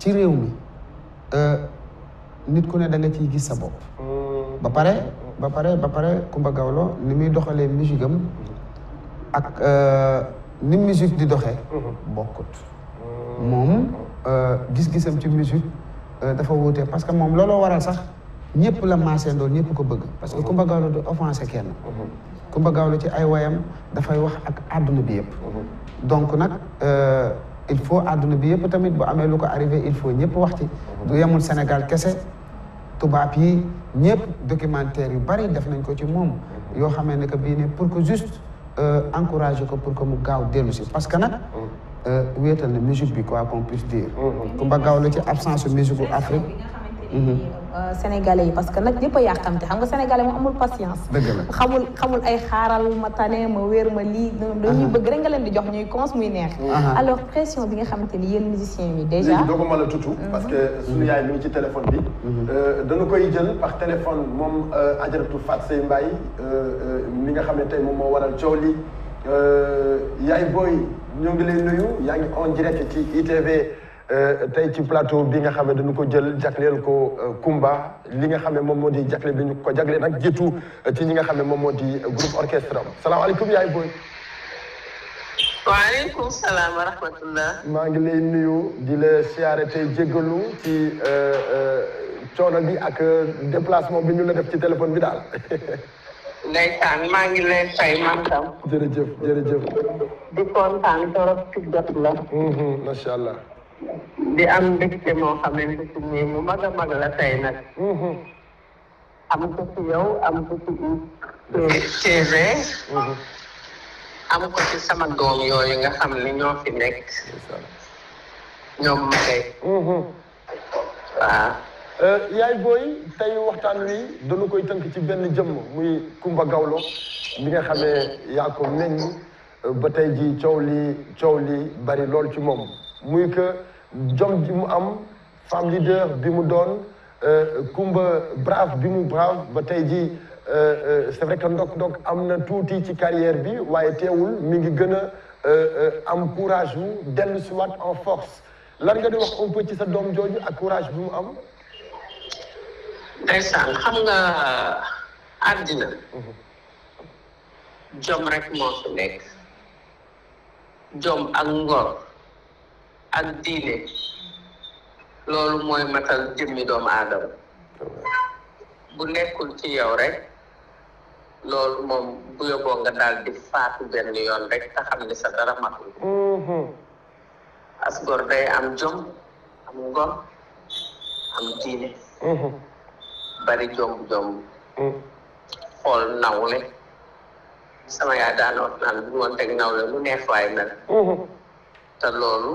Speaker 5: ci réew mi euh, nit ku ne da nga ciy gis sa bopp. Mm. ba pare ba pare ba pare Kumba Gawlo ni muy doxalee musique am ak euh, ni musique di doxee. Mm-hmm. bokkut mm. moom euh, gis-gisam ci musique dafa wuute parce que moom looloo waral sax ñëpp la maasandoo ñëpp ko bëgg. parce que Kumba mm-hmm. Gawlo du offensé kenn. Kumba mm-hmm. Gawlo ci ay wayam dafay wax ak àdduna bi yëpp. donc nag. il faut àdduna bi yëpp tamit bu amee lu ko arrivé il faut ñëpp wax ci yemul Sénégal kese tubaab yi ñëpp documentaire yu bari def nañ ko ci moom yoo xamee ne que bii ne pour ko juste euh, encourager ko pour que mu gaaw dellu si parce que nag euh, wéetal na musique bi quoi qu'on puisse dire Coumba mm-hmm. Gawlo ci absence su musique Afrique
Speaker 1: sénégalais yi parce que nag ñëpp a yàqamte xam nga sénégalais moom amul patience xamul xamul ay xaaral ma tane ma wéer ma lii dañuy bëgg rek nga leen di jox ñuy cons muy neex alors pression bi nga xamante ni yéen musiciens yi déjà léegi doo ko
Speaker 3: mën a tutu parce que suñu yaay mi ngi ci téléphone bi dañu koy jël par téléphone moom ajaratu Fatou Seye Mbaye mi nga xam ne tey moom moo waral coow li yaay booy ñu ngi lay nuyu yaa ngi en direct ci ITV Euh, tey ci plateau bi nga xam ne ko jël jagleel ko euh, Kumba li nga xam ne moom moo di jagle bi ñu ko jagleel nag jiitu euh, ci ñi nga xam ne moom moo di groupe orchestre am salaamaaleykum yaay booy.
Speaker 8: waaleykum
Speaker 3: maa ngi lay nuyu di la siyaare ci coono bi ak déplacement bi ñu la def ci téléphone bi daal.
Speaker 8: ndeysaan maa ngi lay fay man tam.
Speaker 3: jërëjëf jërëjëf. di kontaan mm-hmm, allah.
Speaker 8: di am mbégte moo xamante ne mu mag a mag la tey nag. Mm-hmm. am ko ci yow am ko ci TV. Mm-hmm. sama doom yooyu nga xam ne ñoo fi nekk.
Speaker 3: ñoom ma kay. Mm-hmm. Euh, yaay booy tey waxtaan wi dañu koy tënk ci benn jëm muy Kumba Gawlo bi nga xamee yaa ko ba tey ji coow li coow li bari lool ci moom muy que. jom ji mu am femme leader bi mu doon Kumba euh, brave bi mu brave ba tey ji euh, euh, c'est vrai que ndok-ndok am na tuuti ci carrière bi waaye teewul mi ngi gën a am courage wu dellu si waat en force lan nga di wax un ci sa doom jooju ak courage bi mu am ndeysaan xam
Speaker 8: nga àddina jom rek moo nekk jom ak ngor ak diine loolu mooy matal jëmmi doomu aadama bu nekkul ci yow rek loolu moom bu yóbboo nga daal di faatu benn yoon rek te xam ne sa dara matul
Speaker 6: mhm.
Speaker 8: asgor day am jom am ngor am diine mhm. bari jomb-jomb mhm. xool nawle sama yaa daanoot naan bu ñu lu neex waay mel te loolu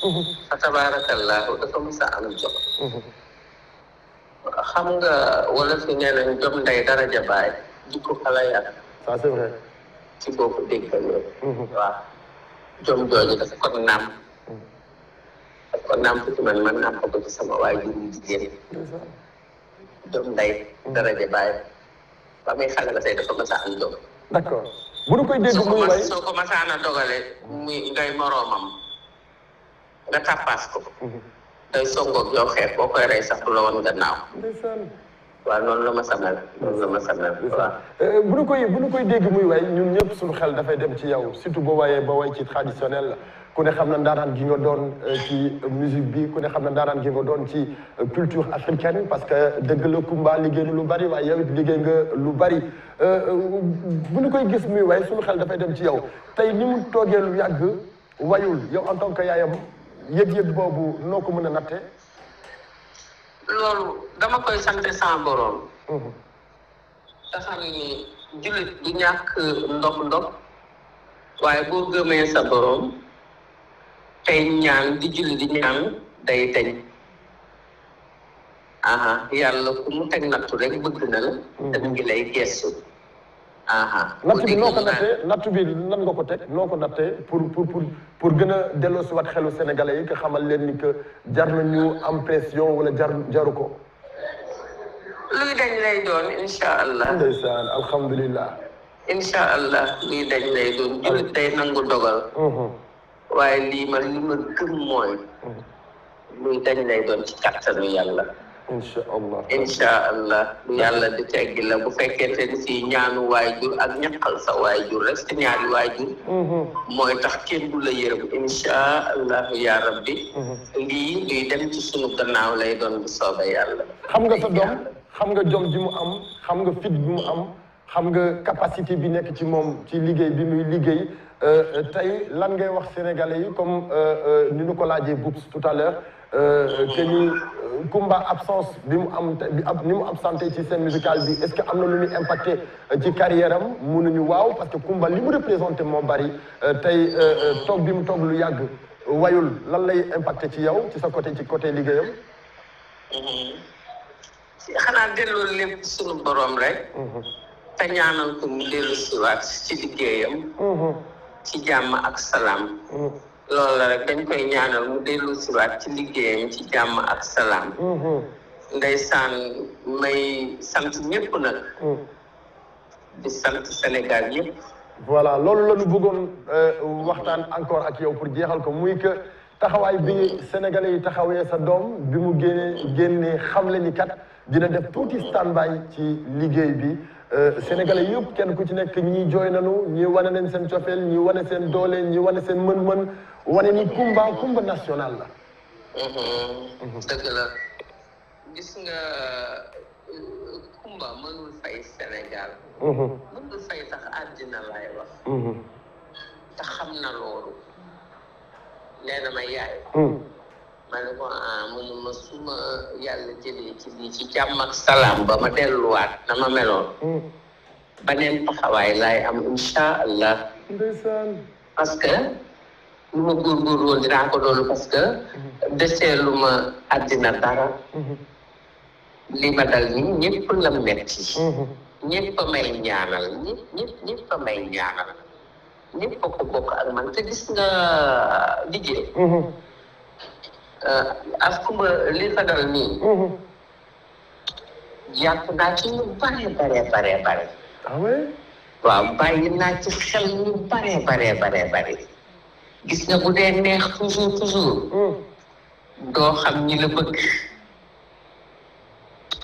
Speaker 8: tabaarakallaahu dafa mos a am jom xam nga wala fi nee nañ jom ndey daraja baay jikko xala yàq ça c'est vrai ci boo ko déggaloo waaw jom jooju dafa ko naam daf ko naam nga tàppaas ko tey songoog yow xeex boo koy rey sax du la woon gannaaw waaw
Speaker 3: eh, bu ñu koy bu dégg muy way ñun ñëpp suñu xel dafay dem ci yow surtout boo waayee ba way ci traditionnel la ku ne xam na ndaanaan gi nga doon eh, ci musique bi ku ne xam na ndaanaan gi nga doon ci eh, culture africaine parce que dëgg la Kumba liggéey lu bari waaye yow it liggéey nga lu bari bu ñu koy gis muy waaye suñu xel dafay dem ci yow tey ni mu toogee lu yàgg wayul yow en tant que yaayam yëg-yëg boobu noo ko mën a nattee
Speaker 8: loolu dama koy sant sa borom te xam mhm. ni julit du ñàkk ndox ndox waaye boo gëmee sa borom tey ñaan di julli di ñaan day teñ aha yàlla ku mu teg nattu rek bëgg na la mhm. te ngi lay gestu natt bi noo ko nattee
Speaker 3: natt bi nan nga ko teg noo ko nattee pour pour pour gën a delloo si waat xelu sénégalais yi que xamal leen ni que jar nañu am pression walla jar jaru ko
Speaker 8: luy dañ lay doon insha allah ndeysaan alhamdulilah insha allah luy dañ lay doon julit day nangu dogal mm-hmm. waaye lii ma li ma gëm mooy mm-hmm. luy dañ lay doon ci kattanu yàlla
Speaker 6: incha allah
Speaker 8: incha allah yàlla di teggi la bu fekkente ni si ñaanu waajur ak ñaqal sa waajur rek sa ñaari waajur mm-hmm. mooy tax kenn du la yërëm incha allahu ya rabbi mm-hmm. lii luy dem ci sunu gannaaw lay doon bu sooba yàlla
Speaker 3: xam nga sa doom xam nga jom ji mu am xam nga fit bi mu am xam nga capacité bi nekk ci moom ci liggéey bi muy liggéey euh, euh, tey lan ngay wax sénégalais yi comme euh, ni ñu ko laajee boubs tout à Euh, que ni euh, Kumba absence bi mu am ni mu absenté ci scène musicale bi est que am na lu muy impacté euh, ci carrière am mun nañu waaw parce que Kumba li mu représenté moo bari tey toog bi mu toog lu yàgg wayul lan lay impacté ci yow ci sa côté ci côté liggéeyam.
Speaker 8: xanaa delloo lépp sunu borom rek.
Speaker 6: Mhm. te ko mu dellu si waat ci liggéeyam. Mhm. ci jàmm ak
Speaker 8: salaam. Mhm. loolu la rek dañ koy ñaanal mu dellu si waat ci liggéeyam ci jàmm ak salaam. Mm-hmm. ndeysaan may sant ñëpp nag. Mm. di sant Sénégal yëpp.
Speaker 3: voilà loolu la ñu bëggoon euh, waxtaan encore ak yow pour jeexal ko muy que taxawaay bi Sénégalais yi taxawee sa doom bi mu génnee génnee xamle ni kat dina def tuuti standby ci liggéey bi. Euh, Sénégalais yëpp kenn ku ci nekk ñii jooy nañu ñii wane nañ seen cofeel ñii wane seen doole ñi wane seen mën-mën. wane ni kumba national la.
Speaker 6: Mm-hmm. Mm-hmm. dëgg
Speaker 8: la gis nga uh, kumba mënul fay Sénégal.
Speaker 6: Mm-hmm. mënul fay sax àddina laay wax. te xam na
Speaker 8: loolu. nee ma yaay.
Speaker 6: Mm. ma ne
Speaker 8: ko ah mu ma su yàlla jëlee ci ci jàmm ak salaam ba ma delluwaat na ma meloon. Mm. beneen taxawaay laay am incha allah. parce que. lu ma góorgóorlu woon dinaa ko doon parce que deseelu ma àddina dara li nii ñëpp la metti ñëpp may ñaanal ñëpp ko bokk ak man te gis nga liggéey euh, askuma li fa nii yàq naa ci ñu bare bare bare bare ah waaw bàyyi naa ci xel ñu bare bare bare bare gis nga bu dee neex toujours toujours hmm. doo xam ñi la bëgg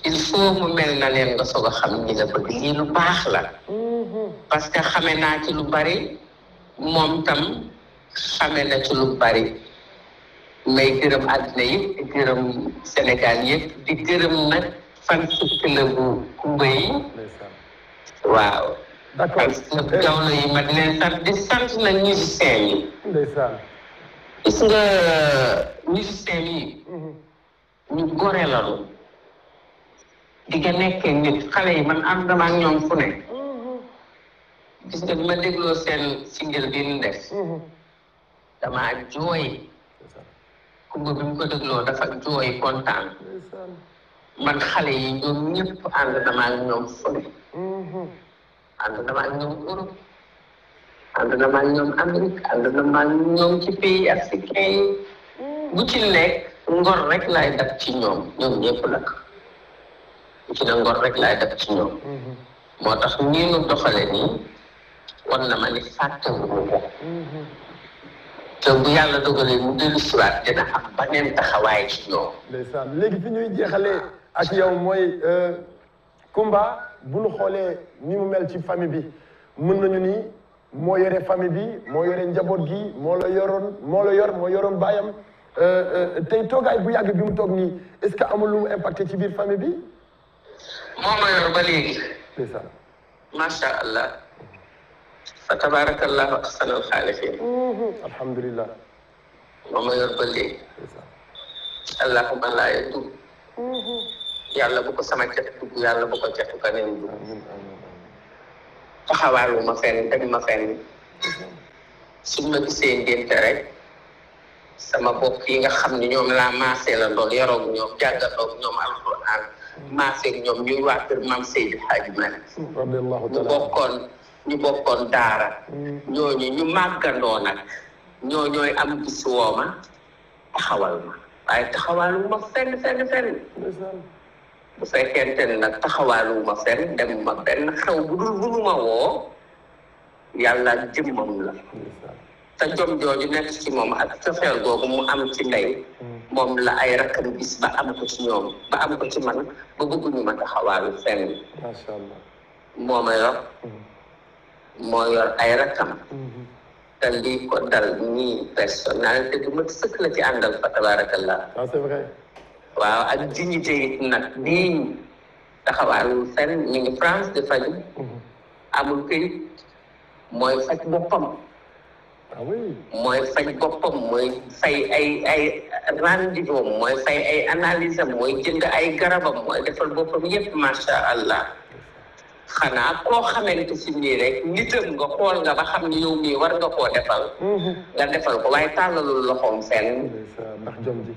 Speaker 8: il faut mu mel na leen nga soog a xam ñi la bëgg lii lu baax la
Speaker 6: hmm.
Speaker 8: parce que xame naa ci lu bari moom tam xame na ci lu bari may gërëm àddina yëpp di gërëm Sénégal yëpp di gërëm nag fan club bu Kumba yi waaw d' accord gawlo yi ma di leen yi. ndeysaan. yi. ñu gore lañu. di nga nekkee nit xale yi man am dama ak ñoom fu ne. Mhm. gis bi ma dégloo seen single bi ñu def. Mhm. damaa jooy. kumba bi mu ko dégloo dafa jooy kontaan. man xale yi ñoom ñëpp ànd dama ñoom fu ne. Mhm. ànd na maa ñoom Europe ànd na maa ñoom Amérique ànd na maa ñoom ci pays africain yi bu mm. ci nekk ngor rek laay dab ci ñoom ñoom ñëpp nag ngor rek laay dab ci ñoom mm-hmm. moo tax nii nu doxale nii war na ma ni fàttewuñu ko mm-hmm. te bu yàlla dogalee mu dellu siwaat dina am beneen taxawaay ci ñoom
Speaker 3: léegi fi ñuy jeexalee ak yow mooy euh, Kumba bu ñu xoolee ni mu mel ci famille bi mën nañu ni mo yore famille bi mo yore njabot gi mo la yoron mo la yor mo yoron bayam euh euh tay toogaay bu yàgg bi mu tok ni est-ce que amul lu mu impacté ci biir famille bi. mo ma yor ba légui c'est ça
Speaker 8: ma sha allah. fa tabarakallahu ahsanal xaaliqin.
Speaker 3: alhamdulillah
Speaker 8: mo ma yor ba légui c'est ça allahumma laa yadum. yàlla bu ko sama cat dugg yàlla bu ko catu kaneen dugg taxawaalu ma fenn dem ma fenn su ma gisee ngénte rek sama bokk yi nga xam ni ñoom laa maasee la ndool yaroog ñoom jàngandoog ñoom alquran maasee ñoom ñuy waa maam Seydi Hadji Malick ñu bokkoon ñu bokkoon daara mm. ñooñu ñu màggandoo nag ñooñooy am gis wooma taxawal ma waaye taxawaalu ma fenn fenn fenn bu fekkente ne nag taxawaaluwuma fenn dem ma benn xew bu dul bu ma woo yàlla jëmmam la ta jom jooju nekk ci moom ak cofeel googu mu am ci ndey moom la ay rakkam bis ba am ko ci ñoom ba am ko ci man ba bëgguñu ma taxawaalu fenn macha allah moo ma yor moo yor ay rakkam te lii ko dal nii personnalité bu mat sëkk la ci àndal fa tabaarakallah ah, waaw ak dignité it nag diiñ taxawaayu fenn ñu ngi France di faju mm-hmm. amul këyit mooy faj boppam ah mooy faj ay ay rendez-vous am mooy fay ay analyse am mooy jënd ay garabam mooy defal boppam yëpp macha allah xanaa koo xamante si nii rek nitam nga xool nga ba xam ni yow mii war nga koo defal mm-hmm. nga defal ko waaye tàllalul loxoom fenn ndax jom ji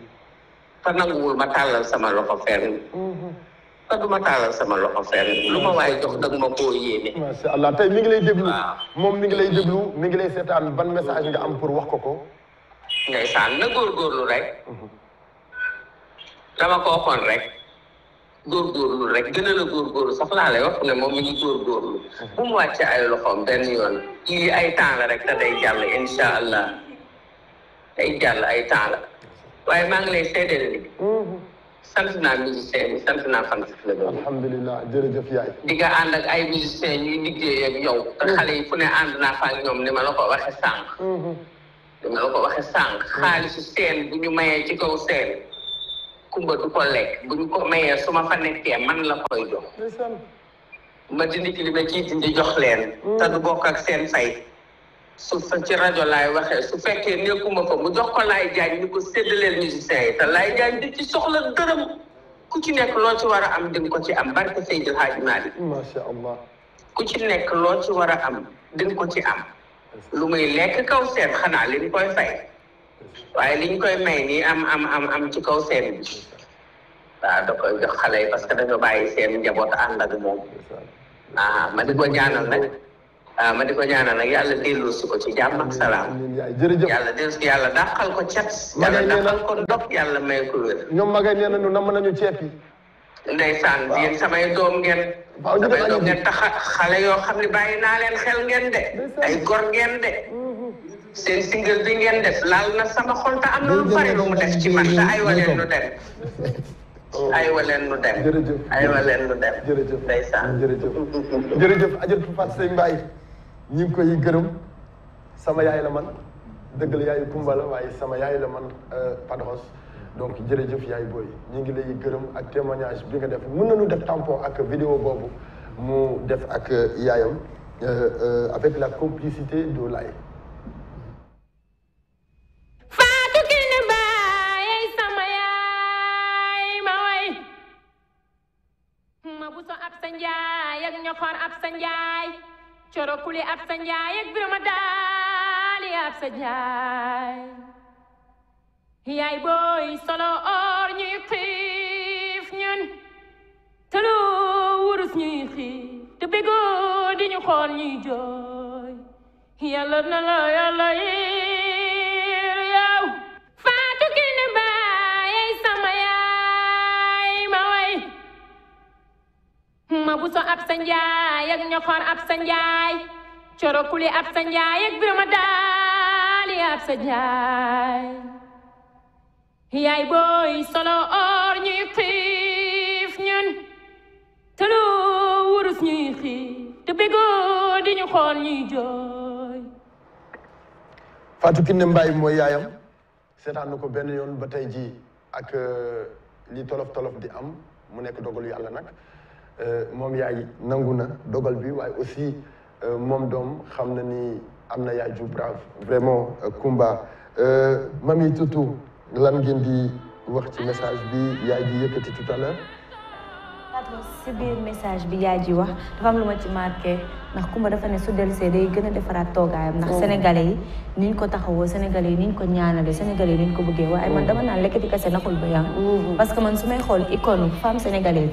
Speaker 8: te nanguwul ma tàllal sama loxo fenn mm-hmm. ma tàllal sama loxo fenn lu ma waaye jox dag ma
Speaker 3: koo yéene macha allah tey mi ngi lay déglu moom mi ngi lay déglu mi ngi lay seetaan ban message nga am pour wax ko ko
Speaker 8: ndeysaan na góorgóorlu rek mm-hmm. dama ko waxoon rek góorgóorlu rek gën a la góorgóorlu sax laa lay wax ne moom mi ngi góorgóorlu mm-hmm. bu mu wàcce ay loxoom benn yoon lii ay temps rek te day jàll incha allah day jàll ay temps waaye maa ngi lay seedeel ni sant naa musicien bi sant naa fan si la doon.
Speaker 3: alhamdulilah jërëjëf yaay.
Speaker 8: di nga ànd ak ay musicien ñuy liggéey ak yow. xale yi fu ne ànd naa fa ñoom ni ma la ko waxee sànq. ni ma la ko waxee sànq. xaalisu seen bu ñu mayee ci kaw seen. kumba du ko lekk bu ñu ko mayee suma ma fa nekkee man la koy jox. ma dindi ci li ma ciy dindi jox leen. te du bokk ak seen fay. su sa ci rajo laay waxee su fekkee nekkuma ko mu jox ko Laye Diagne ñu ko séddaleel musiciens yi te Laye Diagne di ci soxla dërëm ku ci nekk loo ci war a am di ko ci am barke Seydil Hadji Malick. macha allah ku ci nekk loo ci war a am di ko ci am. lu muy lekk kaw seen xanaa liñ koy fay. waaye li koy may nii am am am am ci kaw seen bi. waaw da koy jox xale yi parce que dañoo bàyyi seen njaboot ànd ak moom. ah ma di ko ñaanal nag. Ah, ma di ko ñaanal nag yàlla delloo si ko ci jàmm ak salaam.
Speaker 3: jërëjëf yàlla delloo si yàlla dàqal
Speaker 8: ko cet. yàlla dàqal
Speaker 3: ko ndog yàlla may ko wér. ñoom magay nee nañu nam nañu ceeb yi. ndeysaan yéen samay doom ngeen. waaw ñu doom ngeen tax
Speaker 8: xale yoo xam ne bàyyi naa leen xel ngeen de. gor ngeen de. Mm-hmm. seen single ngeen def laal na sama xol te am na lu bari lu def ci man te ay waleen nu dem.
Speaker 3: Oh. ay waleen nu dem. jërëjëf ay waleen nu dem. jërëjëf ndeysaan jërëjëf. jërëjëf Adja Fatou Seye Mbaye ñu ngi koy gërëm sama yaay la man dëgg la yaayu Kumba waaye sama yaay la man euh, Padros donc jërëjëf yaay booy ñu ngi lay gërëm ak témoignage bi nga def mën nañu def tampon ak vidéo boobu mu def ak euh, yaayam euh, avec la complicité de Laye
Speaker 9: bu so ab sa njaay ak ñoxor ab sa njaay corokule ab sa njaay ak birama daali ab solo or ñuy xiif ñun tëlu wurus ñuy xiif te bégoo di ñu xool ñuy jooy yàlla na la yàlla yi sa njaay ak ñoxor ab sa njaay corokuli ab sa njaay ak birama daali ab sa boy solo or ñuy xiif ñun te lu wurus ñuy xiif te bégoo di ñu xool ñuy jooy
Speaker 3: Fatou Kiné Mbaye mooy yaayam seetaan na ko benn yoon ba tey ji ak eh, li tolof tolof di am mu nekk dogalu yàlla nag Euh, moom yaay nangu na dogal bi waaye aussi euh, moom doom xam na ni am na yaay ju brave vraiment euh, Kumba Mamy Toutou lan ngeen di wax ci message bi yaay ji yëkkati tout à l'heure
Speaker 2: si biir message bi yaay ji wax dafa am lu ma ci marqué ndax Kumba dafa ne su dellusee gën a defaraat toogaayam ndax mm. sénégalais yi niñ ko taxawoo sénégalais yi niñ ko ñaanalee sénégalais yi niñ ko bëggee waaye man mm. dama naan lekkati kase naxul ba yàgg mm. parce que man su may xool icône femme sénégalaise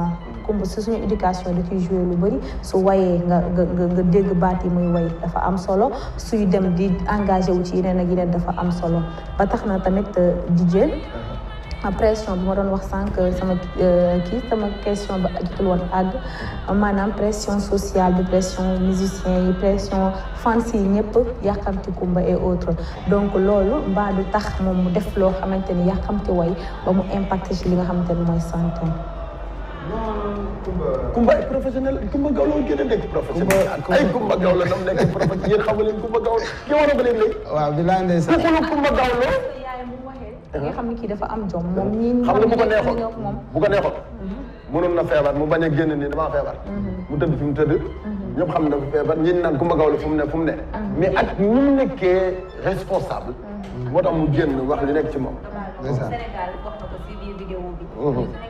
Speaker 1: éducation si suñu éducation da ciy joué lu bëri su wayee nga nga nga dégg baat yi muy way dafa am solo suy dem di engagé wu ci yeneen ak yeneen dafa am solo ba tax na tamit jigéen euh, pression bu ma doon wax sànq sama euh, kii sama question ba jitul àgg maanaam pression sociale bi pression musicien yi pression fans yi ñëpp yàkkamti kumba et autres donc loolu mbaa du tax moom mu def loo xamante ni yàkkamti way ba mu impact ci li nga xamante ni mooy santé
Speaker 3: Kumba Kumba ay professionnel Kumba Gawlo gën a nekk professionnel. ay Kumba Gawlo nam nekk professionnel yéen xam nga leen Kumba Gawlo ki war a ko leen léegi. waaw bi laa ndey sax ku xulu Kumba Gawlo.
Speaker 1: nga xam ni kii dafa am jom moom ñii. xam nga bu ko neexoon bu
Speaker 3: ko neexoon. mënoon na feebar mu bañ a génn nii damaa feebar. Mhm. mu tëdd fi mu tëdd. Mhm. ñëpp xam na feebar ñi naan Kumba Gawlo fu mu ne fu mu ne. Mhm. mais ak ni mu nekkee responsable. moo tax mu génn wax li nekk ci moom.
Speaker 5: Sénégal
Speaker 2: wax na ko ci biir vidéo bi.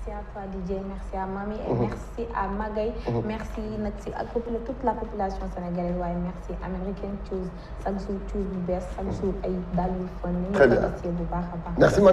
Speaker 1: DJ, merci à Mami et mhm. merci à Magaï. Mhm. Merci à toute la population sénégalaise merci American Choose Samsung choose Best, bees Aïe, Dalou, ay
Speaker 3: merci bu